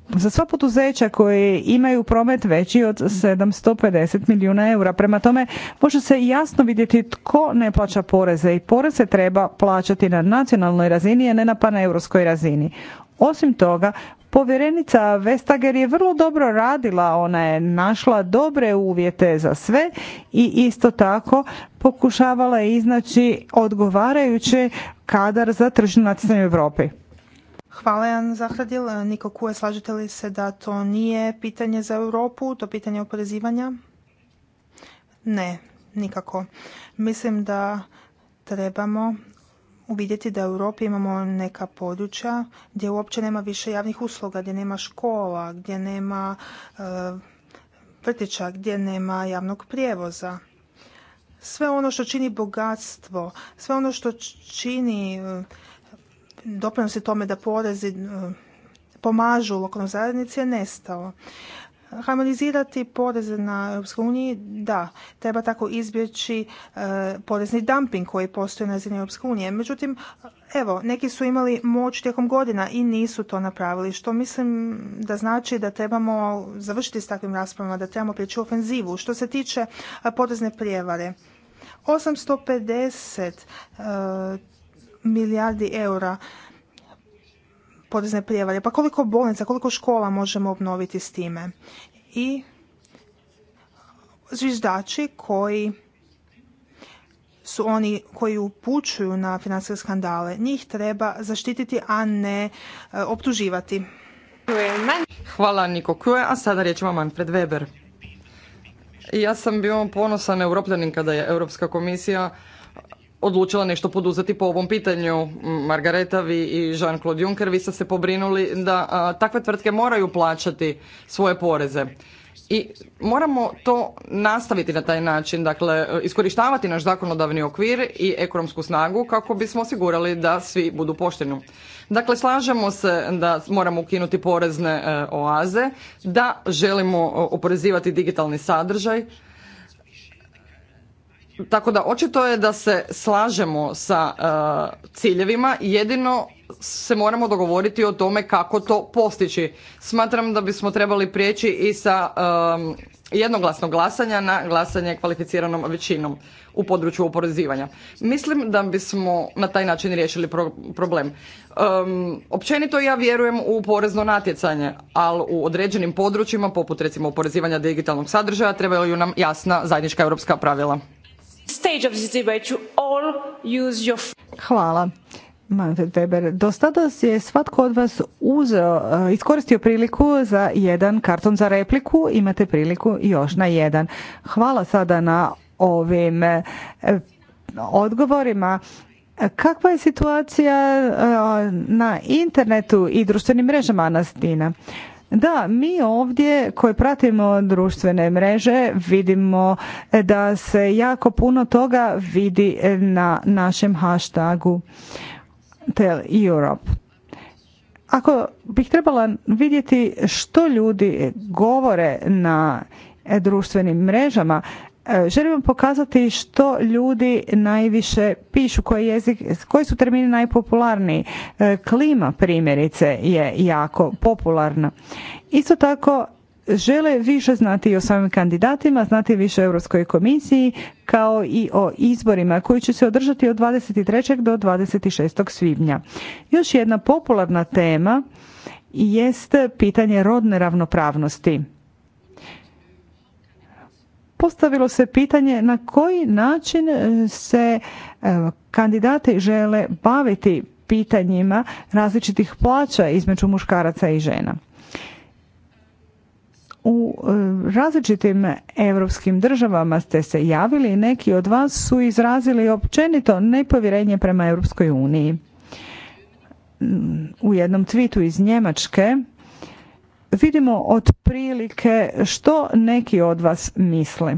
za sva poduzeća koje imaju promet veći od 750 milijuna eura. Prema tome, može se jasno vidjeti tko ne plaća poreze i poreze treba plaćati na nacionalnoj razini, a ne na paneuropskoj razini. Osim toga, Povjerenica Vestager je vrlo dobro radila, ona je našla dobre uvjete za sve i isto tako pokušavala je iznaći odgovarajući kadar za tržno natjecanje u Europi. Hvala Jan Zahradil. Niko Kue, slažete li se da to nije pitanje za Europu, to pitanje oporezivanja? Ne, nikako. Mislim da trebamo uvidjeti da u Europi imamo neka područja gdje uopće nema više javnih usluga, gdje nema škola, gdje nema e, vrtića, gdje nema javnog prijevoza. Sve ono što čini bogatstvo, sve ono što čini e, doprinosi tome da porezi e, pomažu lokalnoj zajednici je nestalo. Harmonizirati poreze na Europskoj uniji, da, treba tako izbjeći e, porezni dumping koji postoji na razini Europske unije. Međutim, evo, neki su imali moć tijekom godina i nisu to napravili, što mislim da znači da trebamo završiti s takvim raspravama, da trebamo prijeći u ofenzivu. Što se tiče e, porezne prijevare, 850 e, milijardi eura porezne prijevare. Pa koliko bolnica, koliko škola možemo obnoviti s time? I zviždači koji su oni koji upućuju na financijske skandale. Njih treba zaštititi, a ne e, optuživati. Hvala Niko Kue, a sada riječ vam Manfred Weber. Ja sam bio ponosan europljanin kada je Europska komisija odlučila nešto poduzeti po ovom pitanju. Margareta, vi i Jean-Claude Juncker, vi ste se pobrinuli da takve tvrtke moraju plaćati svoje poreze. I moramo to nastaviti na taj način, dakle iskorištavati naš zakonodavni okvir i ekonomsku snagu kako bismo osigurali da svi budu pošteni. Dakle, slažemo se da moramo ukinuti porezne e, oaze, da želimo oporezivati digitalni sadržaj, tako da očito je da se slažemo sa e, ciljevima, jedino se moramo dogovoriti o tome kako to postići. Smatram da bismo trebali prijeći i sa jednoglasnog glasanja na glasanje kvalificiranom većinom u području oporezivanja. Mislim da bismo na taj način riješili problem. Um, općenito ja vjerujem u porezno natjecanje, ali u određenim područjima poput recimo oporezivanja digitalnog sadržaja trebaju nam jasna zajednička europska pravila stage of Hvala. Weber, do sada je svatko od vas uzeo, e, iskoristio priliku za jedan karton za repliku, imate priliku još na jedan. Hvala sada na ovim e, odgovorima. Kakva je situacija e, na internetu i društvenim mrežama, Anastina? Da, mi ovdje koji pratimo društvene mreže vidimo e, da se jako puno toga vidi e, na našem hashtagu Tell Europe. Ako bih trebala vidjeti što ljudi govore na e, društvenim mrežama, E, želim vam pokazati što ljudi najviše pišu, koji, jezik, koji su termini najpopularniji. E, klima primjerice je jako popularna. Isto tako žele više znati i o svojim kandidatima, znati više o Europskoj komisiji, kao i o izborima koji će se održati od 23. do 26. svibnja. Još jedna popularna tema jest pitanje rodne ravnopravnosti postavilo se pitanje na koji način e, se e, kandidati žele baviti pitanjima različitih plaća između muškaraca i žena. U e, različitim europskim državama ste se javili i neki od vas su izrazili općenito nepovjerenje prema Europskoj uniji. Mm, u jednom cvitu iz Njemačke vidimo od prilike što neki od vas misle.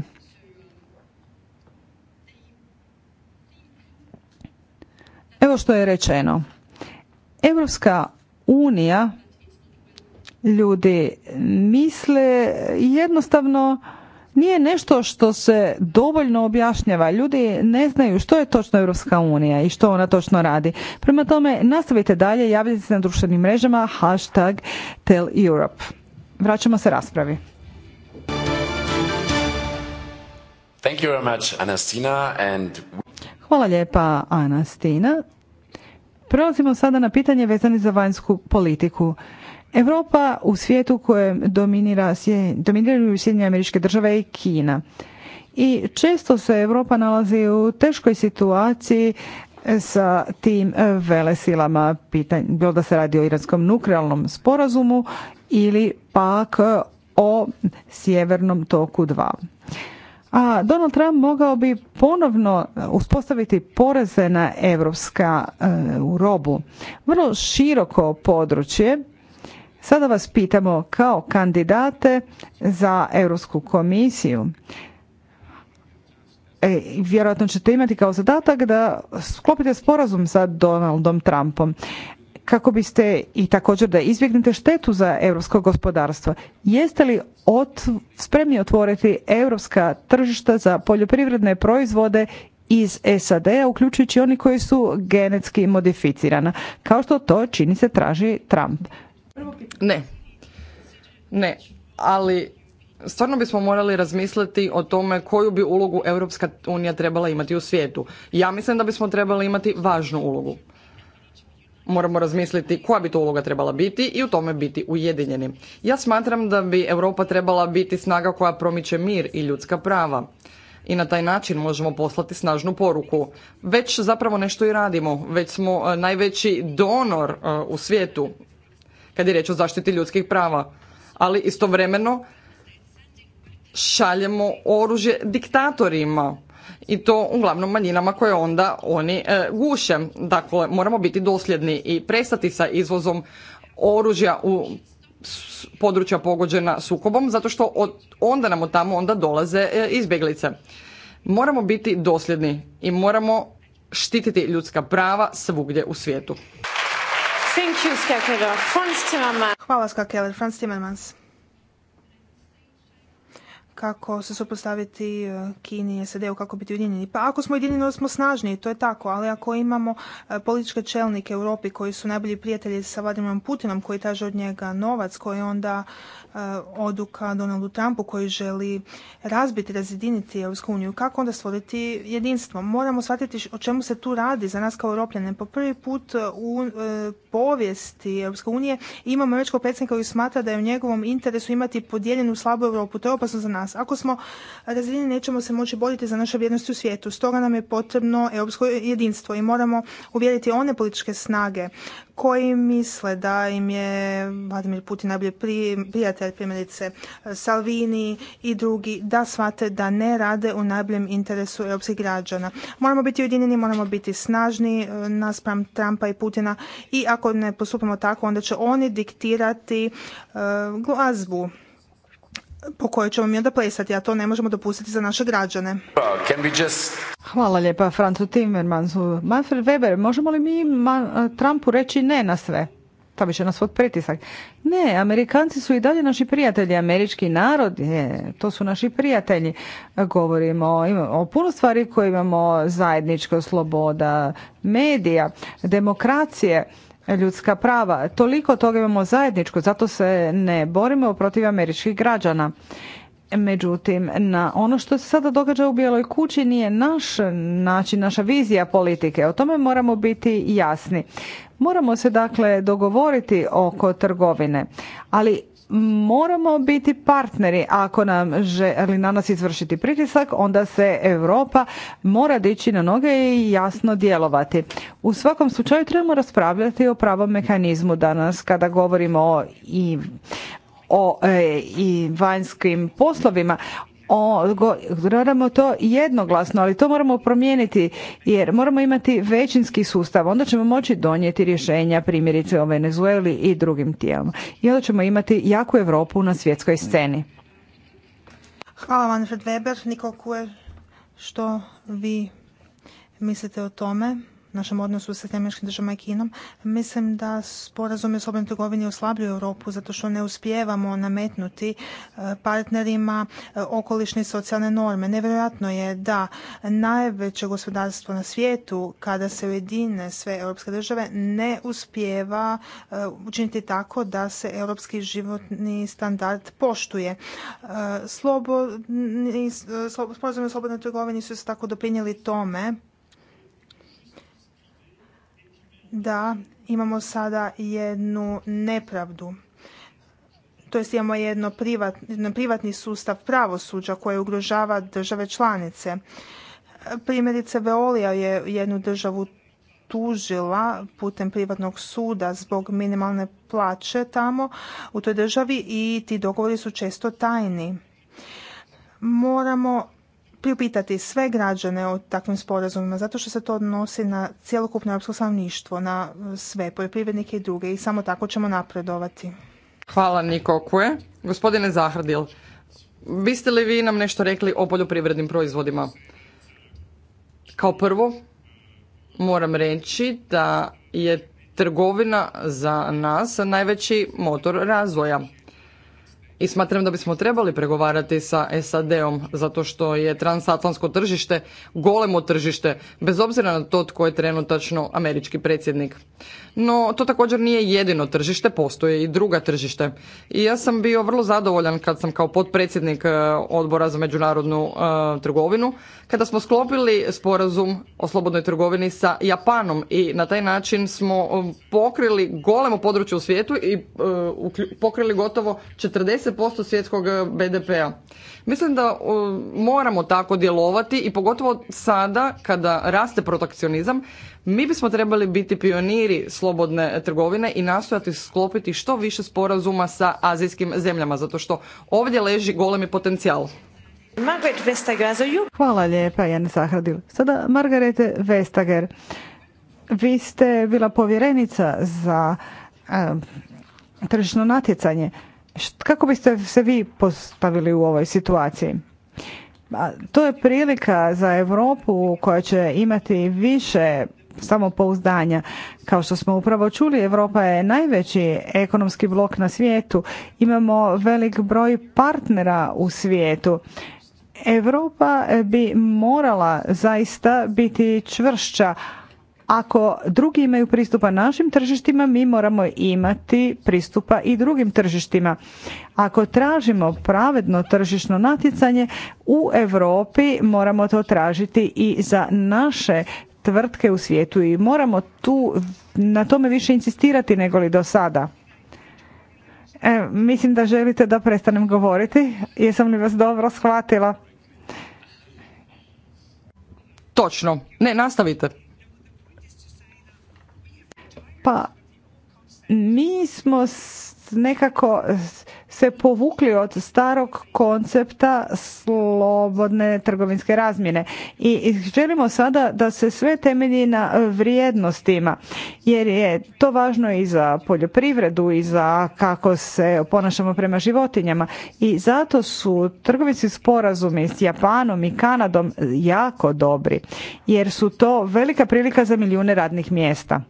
Evo što je rečeno. Europska unija ljudi misle jednostavno nije nešto što se dovoljno objašnjava. Ljudi ne znaju što je točno Europska unija i što ona točno radi. Prema tome, nastavite dalje, javljajte se na društvenim mrežama, hashtag Tell Europe vraćamo se raspravi. Hvala lijepa, Anastina. Prelazimo sada na pitanje vezane za vanjsku politiku. Europa u svijetu kojem dominiraju Sjedinje američke države i Kina. I često se Europa nalazi u teškoj situaciji sa tim e, velesilama, bilo da se radi o iranskom nuklearnom sporazumu ili pak e, o sjevernom toku 2. A Donald Trump mogao bi ponovno uspostaviti poreze na evropska e, robu. Vrlo široko područje. Sada vas pitamo kao kandidate za Europsku komisiju. E, vjerojatno ćete imati kao zadatak da sklopite sporazum sa Donaldom Trumpom kako biste i također da izbjegnete štetu za europsko gospodarstvo. Jeste li ot, spremni otvoriti europska tržišta za poljoprivredne proizvode iz SAD-a, uključujući oni koji su genetski modificirana, kao što to čini se traži Trump? Ne. Ne, ali stvarno bismo morali razmisliti o tome koju bi ulogu Europska unija trebala imati u svijetu. Ja mislim da bismo trebali imati važnu ulogu moramo razmisliti koja bi to uloga trebala biti i u tome biti ujedinjeni. Ja smatram da bi Europa trebala biti snaga koja promiče mir i ljudska prava. I na taj način možemo poslati snažnu poruku. Već zapravo nešto i radimo. Već smo e, najveći donor e, u svijetu kad je riječ o zaštiti ljudskih prava. Ali istovremeno šaljemo oružje diktatorima i to uglavnom manjinama koje onda oni e, guše. Dakle, moramo biti dosljedni i prestati sa izvozom oružja u područja pogođena sukobom, zato što onda nam od tamo onda dolaze e, izbjeglice. Moramo biti dosljedni i moramo štititi ljudska prava svugdje u svijetu. Hvala Franz Timmermans kako se suprotstaviti e, Kini i SAD-u, kako biti ujedinjeni. Pa ako smo ujedinjeni, smo snažniji, to je tako, ali ako imamo e, političke čelnike u Europi koji su najbolji prijatelji sa Vladimirom Putinom, koji traže od njega novac, koji onda E, oduka Donaldu Trumpu koji želi razbiti, razjediniti Europsku uniju. Kako onda stvoriti jedinstvo? Moramo shvatiti o čemu se tu radi za nas kao Europljane. Po prvi put u e, povijesti Europske unije imamo kao predsjednika koji smatra da je u njegovom interesu imati podijeljenu slabu Europu. To je opasno za nas. Ako smo razjedinjeni nećemo se moći boriti za naše vrijednosti u svijetu. Stoga nam je potrebno europsko jedinstvo i moramo uvjeriti one političke snage koji misle da im je Vladimir Putin najbolji prijatelj, primjerice e, Salvini i drugi, da shvate da ne rade u najboljem interesu europskih građana. Moramo biti ujedinjeni, moramo biti snažni e, naspram Trumpa i Putina i ako ne postupimo tako, onda će oni diktirati e, glazbu po kojoj ćemo mi onda plesati, a to ne možemo dopustiti za naše građane. Hvala lijepa Francu Timmermansu. Manfred Weber, možemo li mi Trumpu reći ne na sve? Ta će nas pod pritisak. Ne, Amerikanci su i dalje naši prijatelji, američki narod, to su naši prijatelji. Govorimo o, o puno stvari koje imamo zajedničko, sloboda, medija, demokracije ljudska prava. Toliko toga imamo zajedničko, zato se ne borimo protiv američkih građana. Međutim, na ono što se sada događa u Bijeloj kući nije naš način, naša vizija politike. O tome moramo biti jasni. Moramo se dakle dogovoriti oko trgovine, ali moramo biti partneri. Ako nam želi na nas izvršiti pritisak, onda se Europa mora dići na noge i jasno djelovati. U svakom slučaju trebamo raspravljati o pravom mehanizmu danas kada govorimo o i o e, i vanjskim poslovima gledamo to jednoglasno, ali to moramo promijeniti jer moramo imati većinski sustav. Onda ćemo moći donijeti rješenja primjerice o Venezueli i drugim tijelima. I onda ćemo imati jaku Europu na svjetskoj sceni. Hvala Manfred Weber, Niko Kuer, što vi mislite o tome? našem odnosu sa državama i Kinom. Mislim da sporazumi o slobodnoj trgovini oslabljuju Europu zato što ne uspijevamo nametnuti e, partnerima e, okolišne i socijalne norme. Nevjerojatno je da najveće gospodarstvo na svijetu, kada se ujedine sve europske države, ne uspijeva e, učiniti tako da se europski životni standard poštuje. Slobodni, sporazumi o slobodnoj trgovini su se tako doprinijeli tome da imamo sada jednu nepravdu jest imamo jedno privatni, privatni sustav pravosuđa koji ugrožava države članice. Primjerice Veolija je jednu državu tužila putem privatnog suda zbog minimalne plaće tamo u toj državi i ti dogovori su često tajni. Moramo priupitati sve građane o takvim sporazumima, zato što se to odnosi na cjelokupno europsko stanovništvo, na e, sve poljoprivrednike i druge i samo tako ćemo napredovati. Hvala Niko Kue. Gospodine zahradil biste li vi nam nešto rekli o poljoprivrednim proizvodima? Kao prvo, moram reći da je trgovina za nas najveći motor razvoja i smatram da bismo trebali pregovarati sa SAD-om zato što je transatlantsko tržište golemo tržište bez obzira na to tko je trenutačno američki predsjednik. No to također nije jedino tržište, postoje i druga tržište. I ja sam bio vrlo zadovoljan kad sam kao potpredsjednik e, odbora za međunarodnu e, trgovinu kada smo sklopili sporazum o slobodnoj trgovini sa Japanom i na taj način smo e, pokrili golemo područje u svijetu i pokrili gotovo 40 posto svjetskog e, BDP-a. Mislim da e, moramo tako djelovati i pogotovo sada kada raste protekcionizam, mi bismo trebali biti pioniri slobodne e, trgovine i nastojati sklopiti što više sporazuma sa azijskim zemljama, zato što ovdje leži golemi potencijal. Hvala lijepa, Jan Sahradil. Sada Margarete Vestager. Vi ste bila povjerenica za tržišno natjecanje. Kako biste se vi postavili u ovoj situaciji? To je prilika za Europu koja će imati više samopouzdanja. Kao što smo upravo čuli, Europa je najveći ekonomski blok na svijetu. Imamo velik broj partnera u svijetu. Europa bi morala zaista biti čvršća, ako drugi imaju pristupa našim tržištima, mi moramo imati pristupa i drugim tržištima. Ako tražimo pravedno tržišno natjecanje, u Europi moramo to tražiti i za naše tvrtke u svijetu i moramo tu na tome više insistirati nego li do sada. E, mislim da želite da prestanem govoriti. Jesam li vas dobro shvatila? Točno. Ne, nastavite. Pa mi smo nekako se povukli od starog koncepta slobodne trgovinske razmjene i želimo sada da se sve temelji na vrijednostima jer je to važno i za poljoprivredu i za kako se ponašamo prema životinjama i zato su trgovinski sporazumi s Japanom i Kanadom jako dobri jer su to velika prilika za milijune radnih mjesta.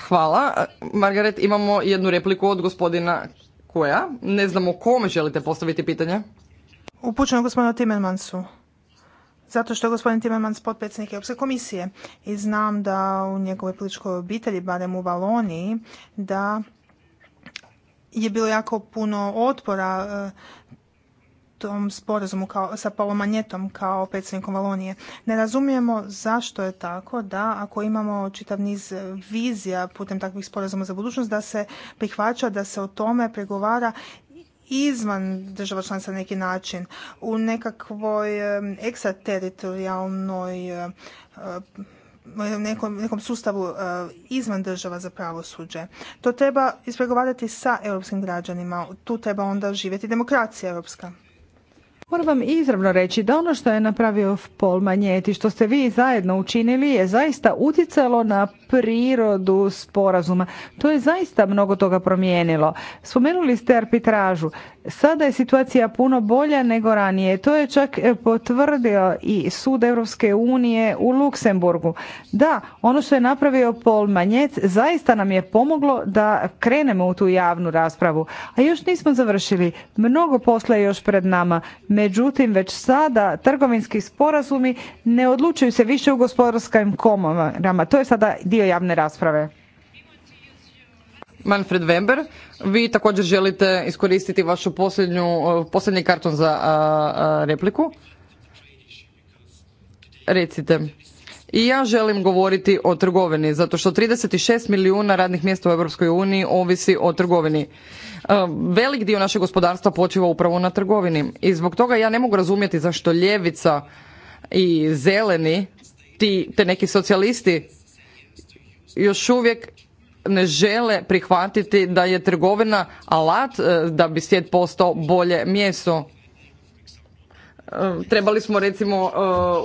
Hvala. Margaret, imamo jednu repliku od gospodina koja. Ne znamo kome želite postaviti pitanje. Upućeno gospodinu Timmermansu. Zato što je gospodin Timmermans potpredsjednik Europske komisije i znam da u njegovoj političkoj obitelji, barem u Valoniji, da je bilo jako puno otpora e, tom sporazumu kao, sa Paulom Manjetom kao predsjednikom Valonije. Ne razumijemo zašto je tako da ako imamo čitav niz vizija putem takvih sporazuma za budućnost da se prihvaća da se o tome pregovara izvan država članica na neki način u nekakvoj ekstrateritorijalnoj nekom, nekom sustavu eh, izvan država za pravosuđe. To treba ispregovarati sa europskim građanima. Tu treba onda živjeti demokracija europska. Moram vam izravno reći da ono što je napravio Paul i što ste vi zajedno učinili, je zaista utjecalo na prirodu sporazuma. To je zaista mnogo toga promijenilo. Spomenuli ste arbitražu. Sada je situacija puno bolja nego ranije. To je čak e, potvrdio i Sud Europske unije u Luksemburgu. Da, ono što je napravio Pol Manjec zaista nam je pomoglo da krenemo u tu javnu raspravu. A još nismo završili. Mnogo posla je još pred nama međutim već sada trgovinski sporazumi ne odlučuju se više u gospodarskim komorama. To je sada dio javne rasprave. Manfred Weber, vi također želite iskoristiti vašu posljednju, eh, posljednji karton za eh, eh, repliku. Recite. I ja želim govoriti o trgovini, zato što 36 milijuna radnih mjesta u Europskoj uniji ovisi o trgovini. E, velik dio našeg gospodarstva počiva upravo na trgovini i zbog toga ja ne mogu razumjeti zašto ljevica i zeleni, ti, te neki socijalisti još uvijek ne žele prihvatiti da je trgovina alat e, da bi svijet postao bolje mjesto. Ehm, trebali smo recimo eh,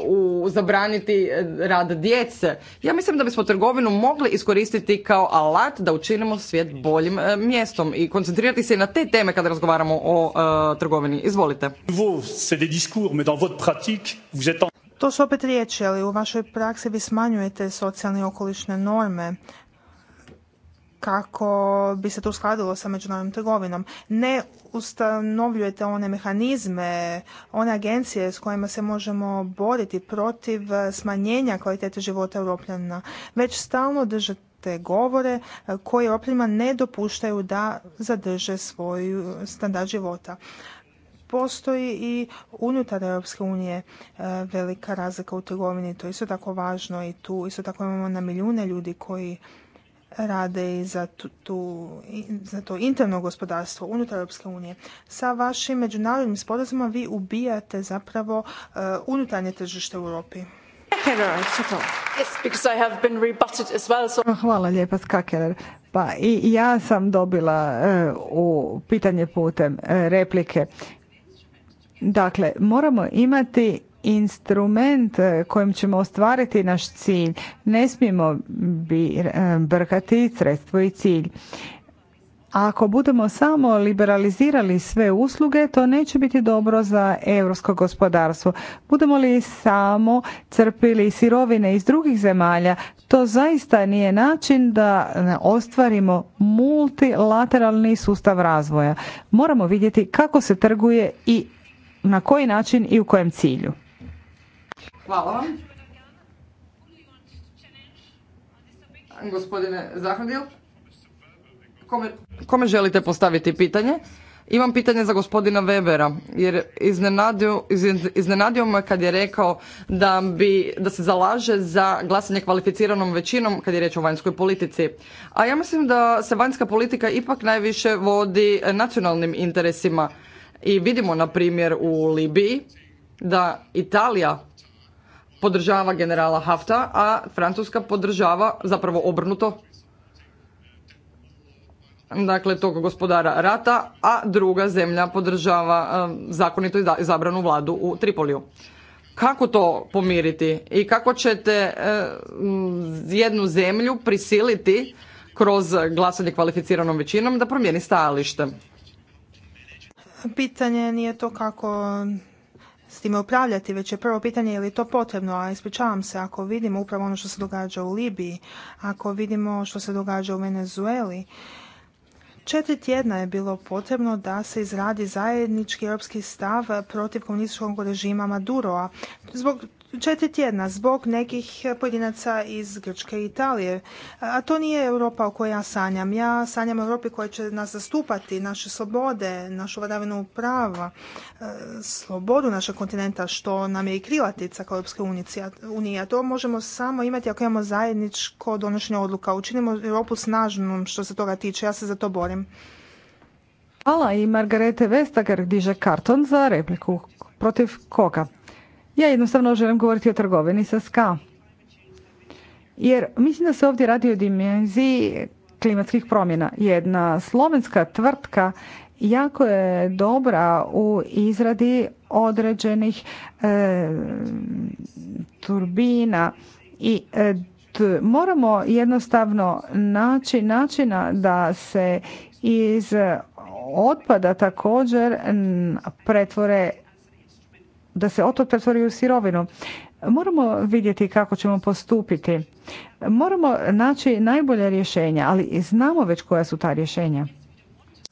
u, zabraniti rad djece. Ja mislim da bismo trgovinu mogli iskoristiti kao alat da učinimo svijet boljim eh, mjestom i koncentrirati se na te teme kada razgovaramo o eh, trgovini. Izvolite. To su opet riječi, ali u vašoj praksi vi smanjujete socijalne i okolišne norme kako bi se to uskladilo sa međunarodnom trgovinom. Ne ustanovljujete one mehanizme, one agencije s kojima se možemo boriti protiv smanjenja kvalitete života Europljana, već stalno te govore e, koji opljima ne dopuštaju da zadrže svoj standard života. Postoji i unutar Europske unije e, velika razlika u trgovini, to je isto tako važno i tu isto tako imamo na milijune ljudi koji rade i za, tu, za to interno gospodarstvo unutar Europske unije. Sa vašim međunarodnim sporazumom vi ubijate zapravo uh, unutarnje tržište u Europi. Oh, hvala lijepa, Skakerer. Pa i ja sam dobila e, u pitanje putem e, replike. Dakle, moramo imati instrument e, kojim ćemo ostvariti naš cilj. Ne smijemo e, brkati sredstvo i cilj. Ako budemo samo liberalizirali sve usluge, to neće biti dobro za europsko gospodarstvo. Budemo li samo crpili sirovine iz drugih zemalja, to zaista nije način da e, ostvarimo multilateralni sustav razvoja. Moramo vidjeti kako se trguje i na koji način i u kojem cilju. Hvala vam. Gospodine Zahradil, kome, želite postaviti pitanje? Imam pitanje za gospodina Webera, jer iznenadio, me kad je rekao da, bi, da se zalaže za glasanje kvalificiranom većinom kad je riječ o vanjskoj politici. A ja mislim da se vanjska politika ipak najviše vodi nacionalnim interesima. I vidimo, na primjer, u Libiji da Italija podržava generala Hafta, a Francuska podržava zapravo obrnuto dakle tog gospodara rata, a druga zemlja podržava e, zakonito izabranu vladu u Tripoliju. Kako to pomiriti i kako ćete e, jednu zemlju prisiliti kroz glasanje kvalificiranom većinom da promijeni stajalište? Pitanje nije to kako s time upravljati, već je prvo pitanje je li to potrebno, a ispričavam se ako vidimo upravo ono što se događa u Libiji, ako vidimo što se događa u Venezueli, Četiri tjedna je bilo potrebno da se izradi zajednički europski stav protiv komunističkog režima Maduroa. Zbog četiri tjedna zbog nekih pojedinaca iz Grčke i Italije. A to nije Europa o kojoj ja sanjam. Ja sanjam Europi koja će nas zastupati, naše slobode, našu vladavinu prava, e, slobodu našeg kontinenta, što nam je i krilatica kao Europske unije. A to možemo samo imati ako imamo zajedničko donošenje odluka. Učinimo Europu snažnom što se toga tiče. Ja se za to borim. Hvala i Margarete Vestager diže karton za repliku. Protiv koga? Ja jednostavno želim govoriti o trgovini sa ska. Jer mislim da se ovdje radi o dimenziji klimatskih promjena. Jedna slovenska tvrtka jako je dobra u izradi određenih e, turbina i e, moramo jednostavno naći načina da se iz otpada također pretvore da se otpad pretvori u sirovinu. Moramo vidjeti kako ćemo postupiti. Moramo naći najbolje rješenja, ali znamo već koja su ta rješenja.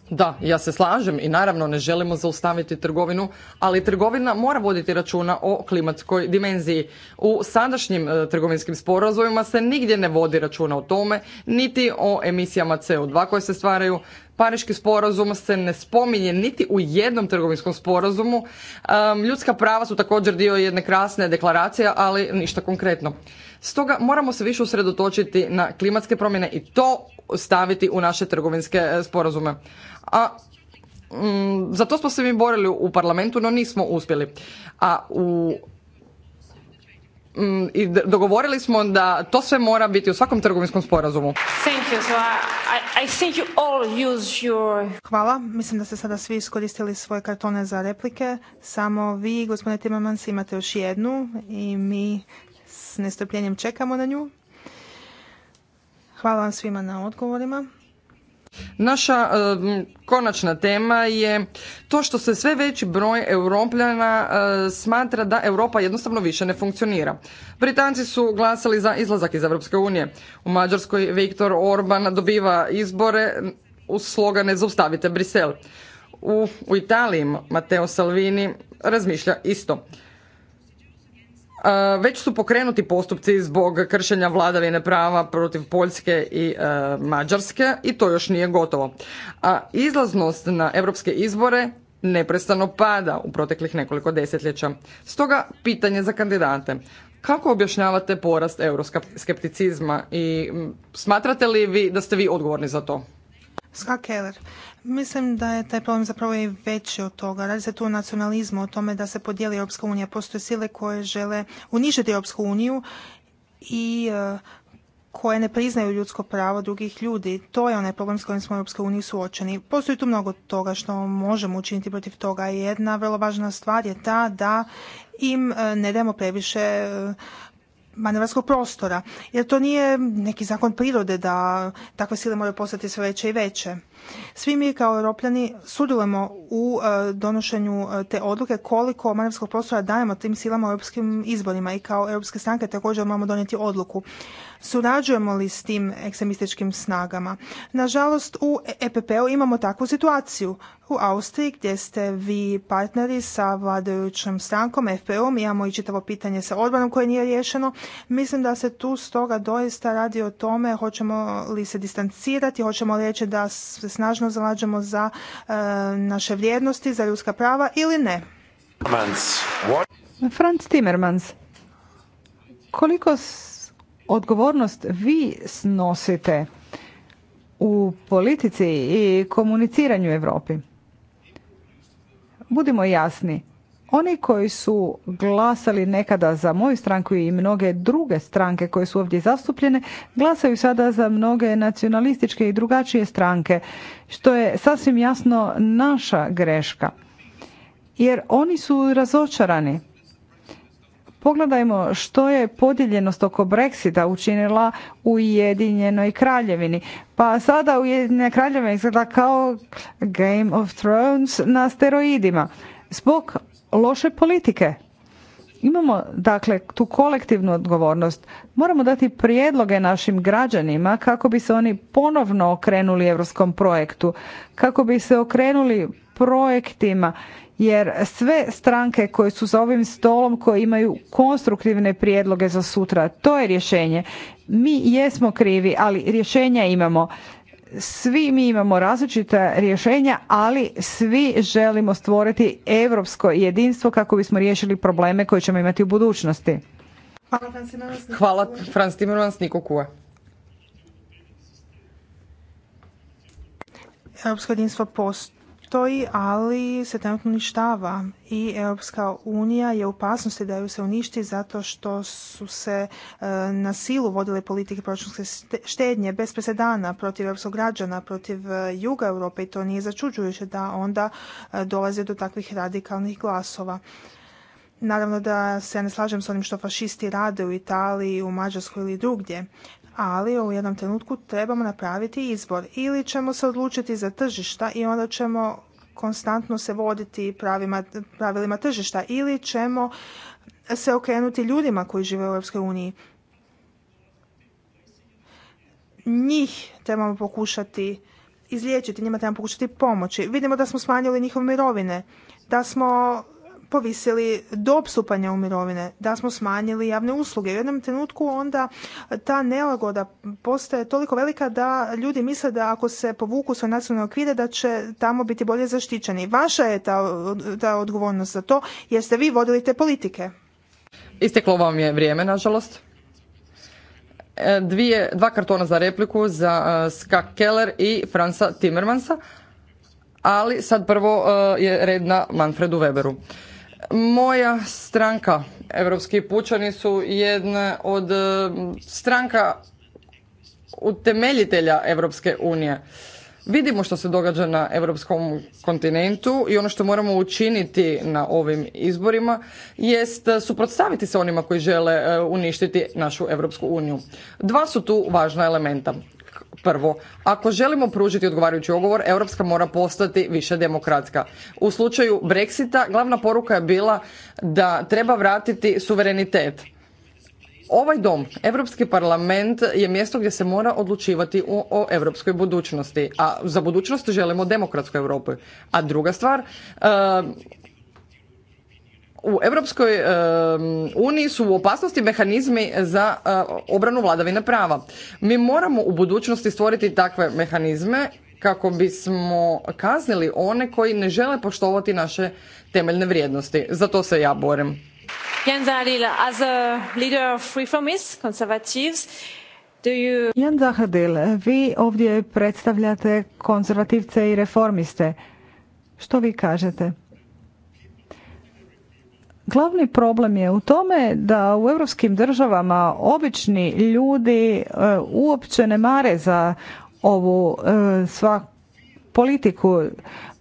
Da, ja se slažem i naravno ne želimo zaustaviti trgovinu, ali trgovina mora voditi računa o klimatskoj dimenziji. U sadašnjim e, trgovinskim sporazumima se nigdje ne vodi računa o tome, niti o emisijama CO2 koje se stvaraju. Pariški sporazum se ne spominje niti u jednom trgovinskom sporazumu. ljudska prava su također dio jedne krasne deklaracije, ali ništa konkretno. Stoga moramo se više usredotočiti na klimatske promjene i to staviti u naše trgovinske e, sporazume. A m, mm, za to smo se mi borili u parlamentu, no nismo uspjeli. A u mm, i dogovorili smo da to sve mora biti u svakom trgovinskom sporazumu. Hvala. Mislim da ste sada svi iskoristili svoje kartone za replike. Samo vi, gospodine Timmermans, imate još jednu i mi s nestrpljenjem čekamo na nju. Hvala vam svima na odgovorima. Naša konačna tema je to što se sve veći broj europljana smatra da Europa jednostavno više ne funkcionira. Britanci su glasali za izlazak iz Europske unije. U Mađarskoj Viktor Orban dobiva izbore uz slogane zaustavite Brisel. U, u Italiji Matteo Salvini razmišlja isto već su pokrenuti postupci zbog kršenja vladavine prava protiv Poljske i e, Mađarske i to još nije gotovo. A izlaznost na europske izbore neprestano pada u proteklih nekoliko desetljeća. Stoga pitanje za kandidate. Kako objašnjavate porast euroskepticizma i smatrate li vi da ste vi odgovorni za to? Ska Keller, mislim da je taj problem zapravo i veći od toga. Radi se tu o nacionalizmu, o tome da se podijeli Europska unija. Postoje sile koje žele uništiti Europsku uniju i e, koje ne priznaju ljudsko pravo drugih ljudi. To je onaj problem s kojim smo u Europskoj uniji suočeni. Postoji tu mnogo toga što možemo učiniti protiv toga. Jedna vrlo važna stvar je ta da im e, ne dajemo previše e, manevarskog prostora jer to nije neki zakon prirode da takve sile moraju postati sve veće i veće. Svi mi kao europljani sudjelujemo u e, donošenju e, te odluke koliko manevarskog prostora dajemo tim silama u europskim izborima i kao europske stranke također imamo donijeti odluku. Surađujemo li s tim ekstremističkim snagama? Nažalost, u EPP-u imamo takvu situaciju. U Austriji gdje ste vi partneri sa vladajućom strankom, FPU-om, imamo i čitavo pitanje sa odbranom koje nije riješeno. Mislim da se tu stoga doista radi o tome hoćemo li se distancirati, hoćemo li reći da se snažno zalažemo za e, naše vrijednosti, za ljudska prava ili ne. Franz Timmermans, koliko odgovornost vi snosite u politici i komuniciranju Europi? Budimo jasni, oni koji su glasali nekada za moju stranku i mnoge druge stranke koje su ovdje zastupljene, glasaju sada za mnoge nacionalističke i drugačije stranke, što je sasvim jasno naša greška. Jer oni su razočarani. Pogledajmo što je podijeljenost oko Brexita učinila Ujedinjenoj kraljevini. Pa sada Ujedinjena kraljevina izgleda kao Game of Thrones na steroidima. Zbog loše politike. Imamo dakle tu kolektivnu odgovornost. Moramo dati prijedloge našim građanima kako bi se oni ponovno okrenuli europskom projektu, kako bi se okrenuli projektima jer sve stranke koje su za ovim stolom koje imaju konstruktivne prijedloge za sutra, to je rješenje. Mi jesmo krivi, ali rješenja imamo svi mi imamo različita rješenja, ali svi želimo stvoriti europsko jedinstvo kako bismo riješili probleme koje ćemo imati u budućnosti. Hvala, Franz Timmermans, Niko Kua. Evropsko jedinstvo postoji stoji, ali se trenutno uništava i Europska unija je u opasnosti da ju se uništi zato što su se e, na silu vodile politike proračunske štednje bez presedana protiv europskog građana, protiv e, juga Europe i to nije začuđujuće da onda e, dolaze do takvih radikalnih glasova. Naravno da se ja ne slažem s onim što fašisti rade u Italiji, u Mađarskoj ili drugdje ali u jednom trenutku trebamo napraviti izbor. Ili ćemo se odlučiti za tržišta i onda ćemo konstantno se voditi pravilima tržišta ili ćemo se okrenuti ljudima koji žive u Europskoj uniji. Njih trebamo pokušati izliječiti, njima trebamo pokušati pomoći. Vidimo da smo smanjili njihove mirovine, da smo povisili dob stupanja u mirovine, da smo smanjili javne usluge. U jednom trenutku onda ta nelagoda postaje toliko velika da ljudi misle da ako se povuku svoje nacionalne okvire da će tamo biti bolje zaštićeni. Vaša je ta, odgovornost za to jer ste vi vodili te politike. Isteklo vam je vrijeme, nažalost. E, dvije, dva kartona za repliku za e, Ska Keller i Franca Timmermansa. Ali sad prvo e, je red na Manfredu Weberu. Moja stranka, Europski pučani, su jedna od e, stranka utemeljitelja Europske unije. Vidimo što se događa na europskom kontinentu i ono što moramo učiniti na ovim izborima jest suprotstaviti se onima koji žele e, uništiti našu Europsku uniju. Dva su tu važna elementa. Prvo, ako želimo pružiti odgovarajući ugovor, Europska mora postati više demokratska. U slučaju Brexita glavna poruka je bila da treba vratiti suverenitet. Ovaj dom, Europski parlament, je mjesto gdje se mora odlučivati o, o europskoj budućnosti, a za budućnost želimo demokratsku Europu. A druga stvar, u Europskoj uniji su u opasnosti mehanizmi za eh, obranu vladavine prava. Mi moramo u budućnosti stvoriti takve mehanizme kako bismo kaznili one koji ne žele poštovati naše temeljne vrijednosti. Za to se ja borim. Jan Zahadil, vi ovdje predstavljate konzervativce i reformiste. Što vi kažete? Glavni problem je u tome da u europskim državama obični ljudi e, uopće ne mare za ovu e, svaku politiku.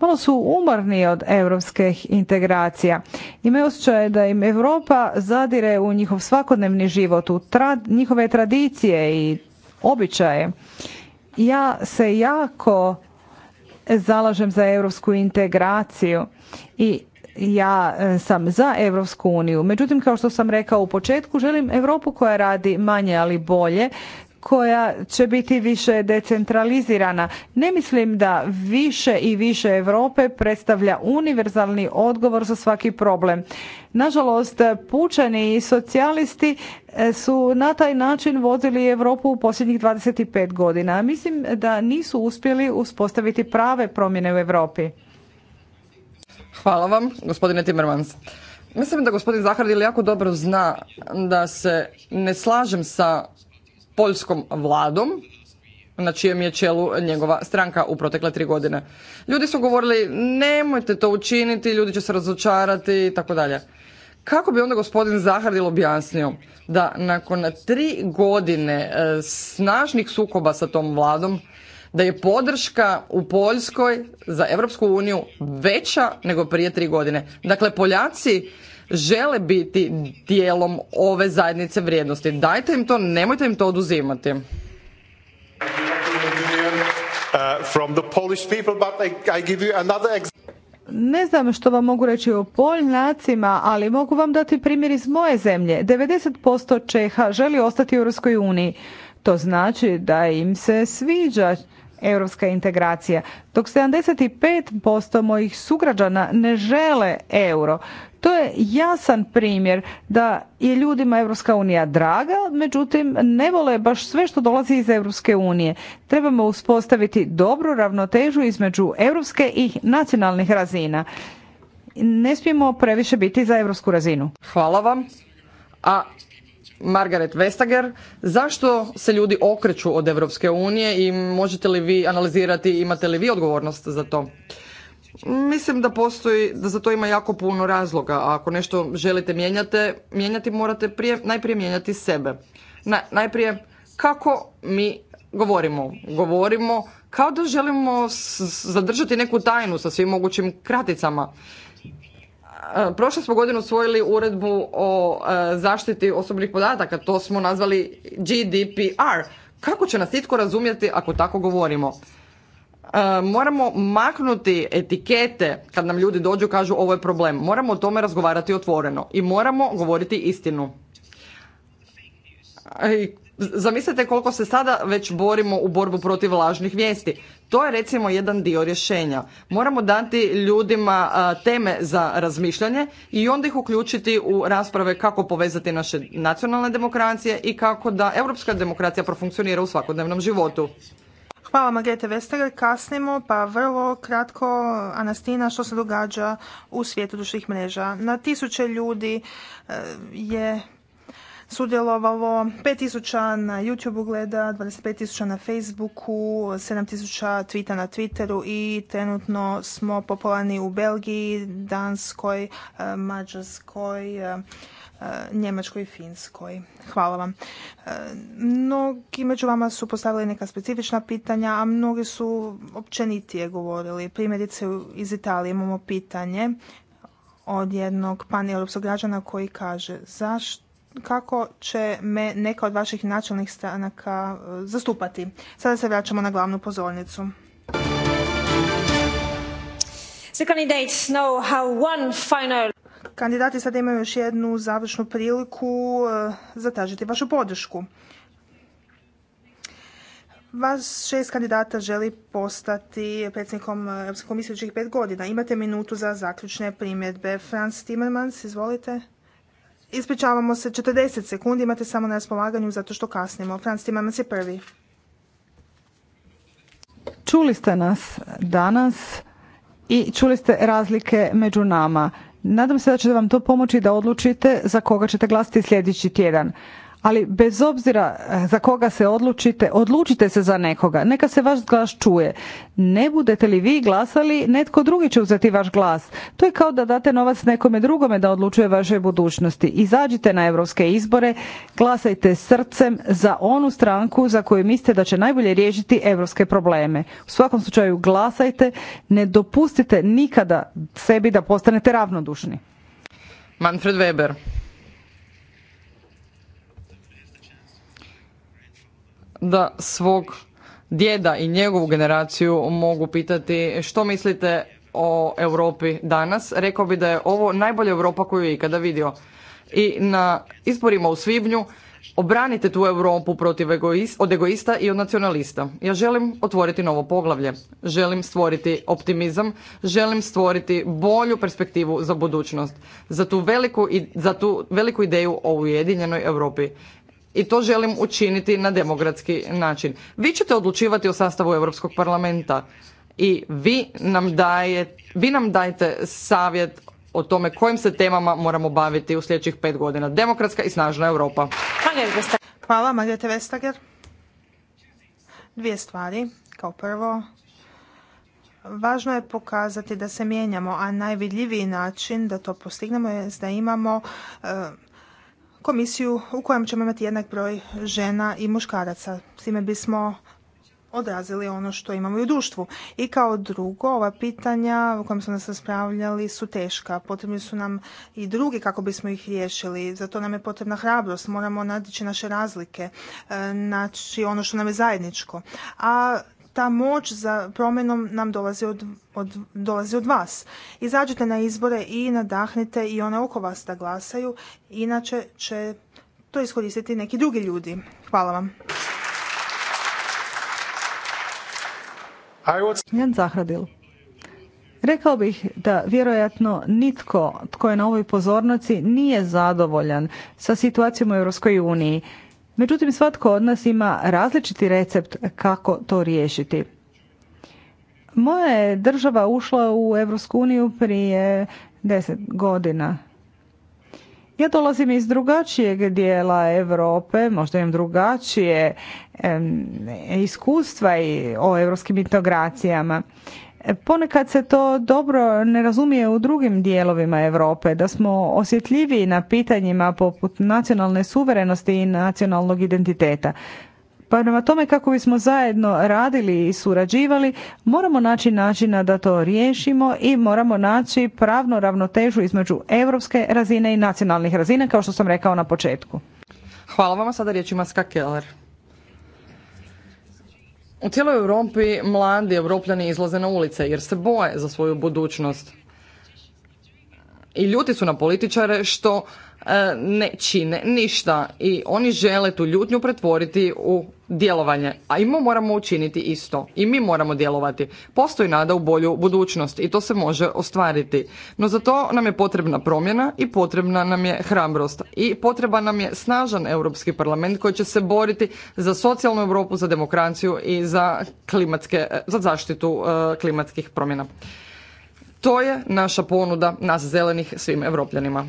Malo su umorni od europskih integracija. Imaju osjećaj da im Europa zadire u njihov svakodnevni život, u njihove tradicije i običaje. Ja se jako zalažem za europsku integraciju i ja e, sam za Europsku uniju, međutim kao što sam rekao u početku želim Europu koja radi manje ali bolje, koja će biti više decentralizirana. Ne mislim da više i više Europe predstavlja univerzalni odgovor za svaki problem. Nažalost, pučani i socijalisti e, su na taj način vozili Europu u posljednjih 25 godina. Mislim da nisu uspjeli uspostaviti prave promjene u Europi. Hvala vam, gospodine Timmermans. Mislim da gospodin Zahradil jako dobro zna da se ne slažem sa poljskom vladom na čijem je čelu njegova stranka u protekle tri godine. Ljudi su govorili nemojte to učiniti, ljudi će se razočarati i tako dalje. Kako bi onda gospodin Zahardil objasnio da nakon tri godine e, snažnih sukoba sa tom vladom da je podrška u Poljskoj za Europsku uniju veća nego prije tri godine. Dakle, Poljaci žele biti dijelom ove zajednice vrijednosti. Dajte im to, nemojte im to oduzimati. Uh, ne znam što vam mogu reći o Poljnacima, ali mogu vam dati primjer iz moje zemlje. 90% Čeha želi ostati u Europskoj uniji. To znači da im se sviđa europska integracija. Dok 75% mojih sugrađana ne žele euro. To je jasan primjer da je ljudima Europska unija draga, međutim ne vole baš sve što dolazi iz Europske unije. Trebamo uspostaviti dobru ravnotežu između europske i nacionalnih razina. Ne smijemo previše biti za europsku razinu. Hvala vam. A Margaret Vestager, zašto se ljudi okreću od Europske unije i možete li vi analizirati, imate li vi odgovornost za to? Mislim da postoji, da za to ima jako puno razloga. ako nešto želite mijenjati, mijenjati morate najprije mijenjati sebe. Na, najprije kako mi govorimo. Govorimo kao da želimo zadržati neku tajnu sa svim mogućim kraticama. E, prošle smo godinu usvojili uredbu o e, zaštiti osobnih podataka, to smo nazvali GDPR. Kako će nas itko razumjeti ako tako govorimo? E, moramo maknuti etikete kad nam ljudi dođu kažu ovo je problem. Moramo o tome razgovarati otvoreno i moramo govoriti istinu. Zamislite koliko se sada već borimo u borbu protiv lažnih vijesti. To je recimo jedan dio rješenja. Moramo dati ljudima teme za razmišljanje i onda ih uključiti u rasprave kako povezati naše nacionalne demokracije i kako da europska demokracija profunkcionira u svakodnevnom životu. Hvala Margrete Vestager, kasnimo, pa vrlo kratko, Anastina, što se događa u svijetu duših mreža. Na tisuće ljudi e, je sudjelovalo, tisuća na YouTube gleda, tisuća na Facebooku, tisuća tvita na Twitteru i trenutno smo popularni u Belgiji, Danskoj, e, Mađarskoj, e, e, Njemačkoj i Finskoj. Hvala vam. Mnogi među vama su postavili neka specifična pitanja, a mnogi su općenitije govorili. Primjerice iz Italije imamo pitanje od jednog pan europskog građana koji kaže zašto kako će me neka od vaših načelnih stranaka e, zastupati. Sada se vraćamo na glavnu pozornicu. Kandidati sada imaju još jednu završnu priliku e, zatražiti vašu podršku. Vas šest kandidata želi postati predsjednikom Europske komisije u pet godina. Imate minutu za zaključne primjedbe. Franz Timmermans, izvolite. Ispričavamo se, 40 sekundi imate samo na raspolaganju zato što kasnimo. Franc je prvi. Čuli ste nas danas i čuli ste razlike među nama. Nadam se da će vam to pomoći da odlučite za koga ćete glasiti sljedeći tjedan. Ali bez obzira e, za koga se odlučite, odlučite se za nekoga. Neka se vaš glas čuje. Ne budete li vi glasali, netko drugi će uzeti vaš glas. To je kao da date novac nekome drugome da odlučuje vašoj budućnosti. Izađite na europske izbore, glasajte srcem za onu stranku za koju mislite da će najbolje riješiti europske probleme. U svakom slučaju glasajte, ne dopustite nikada sebi da postanete ravnodušni. Manfred Weber. da svog djeda i njegovu generaciju mogu pitati što mislite o Europi danas, rekao bi da je ovo najbolja Europa koju je ikada vidio. I na izborima u svibnju obranite tu Europu protiv egoista, od egoista i od nacionalista. Ja želim otvoriti novo poglavlje, želim stvoriti optimizam, želim stvoriti bolju perspektivu za budućnost, za tu veliku, za tu veliku ideju o ujedinjenoj Europi i to želim učiniti na demokratski način. Vi ćete odlučivati o sastavu Europskog parlamenta i vi nam, daje, vi nam dajete savjet o tome kojim se temama moramo baviti u sljedećih pet godina. Demokratska i snažna Europa. Hvala, Margarete Vestager. Dvije stvari. Kao prvo, važno je pokazati da se mijenjamo, a najvidljiviji način da to postignemo je da imamo eh, komisiju u kojem ćemo imati jednak broj žena i muškaraca. S time bismo odrazili ono što imamo i u društvu. I kao drugo, ova pitanja u kojem smo nas raspravljali su teška. Potrebni su nam i drugi kako bismo ih riješili. Za to nam je potrebna hrabrost. Moramo nadići naše razlike, Znači ono što nam je zajedničko. A ta moć za promjenom nam dolazi od, od, dolazi od vas. Izađite na izbore i nadahnite i one oko vas da glasaju, inače će to iskoristiti neki drugi ljudi. Hvala vam. Jan Zahradil. Rekao bih da vjerojatno nitko tko je na ovoj pozornici nije zadovoljan sa situacijom u Europskoj uniji. Međutim, svatko od nas ima različiti recept kako to riješiti. Moja je država ušla u EU prije deset godina. Ja dolazim iz drugačijeg dijela Europe, možda imam drugačije iskustva i o europskim integracijama. Ponekad se to dobro ne razumije u drugim dijelovima Europe, da smo osjetljiviji na pitanjima poput nacionalne suverenosti i nacionalnog identiteta. Pa prema tome kako bismo zajedno radili i surađivali, moramo naći načina da to riješimo i moramo naći pravnu ravnotežu između europske razine i nacionalnih razina, kao što sam rekao na početku. Hvala vam, sada riječ ima Keller. U cijeloj Europi mladi europljani izlaze na ulice jer se boje za svoju budućnost. I ljuti su na političare što E, ne čine ništa i oni žele tu ljutnju pretvoriti u djelovanje, a i mi moramo učiniti isto i mi moramo djelovati. Postoji nada u bolju budućnost i to se može ostvariti, no za to nam je potrebna promjena i potrebna nam je hrabrost i potreba nam je snažan Europski parlament koji će se boriti za socijalnu Europu, za demokraciju i za, klimatske, e, za zaštitu e, klimatskih promjena. To je naša ponuda nas zelenih svim Europljanima.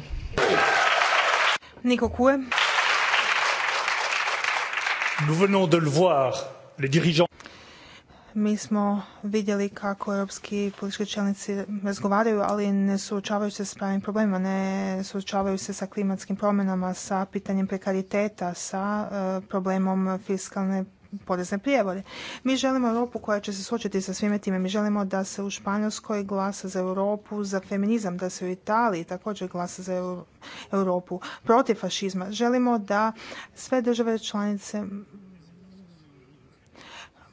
Nous venons de le voir, les dirigeants mi smo vidjeli kako europski politički čelnici razgovaraju, ali ne suočavaju se s pravim problemima, ne suočavaju se sa klimatskim promjenama, sa pitanjem prekariteta, sa e, problemom fiskalne porezne prijevore. Mi želimo Europu koja će se suočiti sa svime time. Mi želimo da se u Španjolskoj glasa za Europu, za feminizam, da se u Italiji također glasa za Europu protiv fašizma. Želimo da sve države članice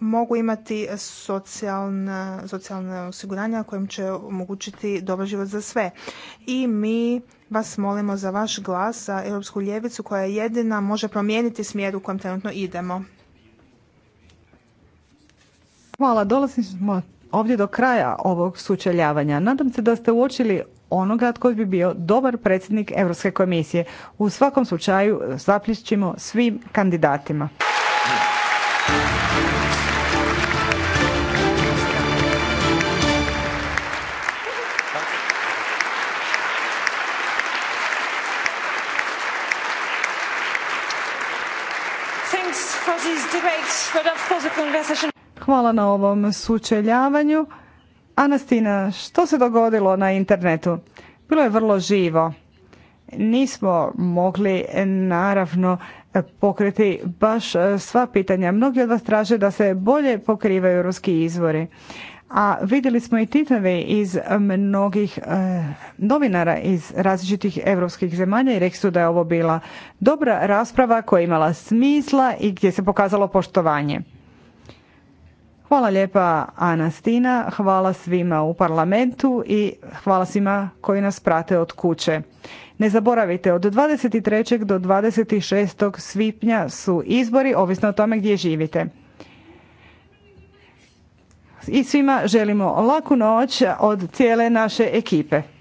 mogu imati socijalna, osiguranja kojim će omogućiti dobar život za sve. I mi vas molimo za vaš glas za europsku ljevicu koja jedina može promijeniti smjer u kojem trenutno idemo. Hvala, dolazim smo ovdje do kraja ovog sučeljavanja. Nadam se da ste uočili onoga tko bi bio dobar predsjednik Europske komisije. U svakom slučaju zaplišćimo svim kandidatima. Hvala na ovom sučeljavanju. Anastina, što se dogodilo na internetu? Bilo je vrlo živo. Nismo mogli naravno pokriti baš sva pitanja. Mnogi od vas traže da se bolje pokrivaju ruski izvori. A vidjeli smo i titove iz mnogih eh, novinara iz različitih europskih zemalja i rekli su da je ovo bila dobra rasprava koja je imala smisla i gdje se pokazalo poštovanje. Hvala lijepa Anastina, hvala svima u parlamentu i hvala svima koji nas prate od kuće. Ne zaboravite, od 23. do 26. svipnja su izbori, ovisno o tome gdje živite. I svima želimo laku noć od cijele naše ekipe.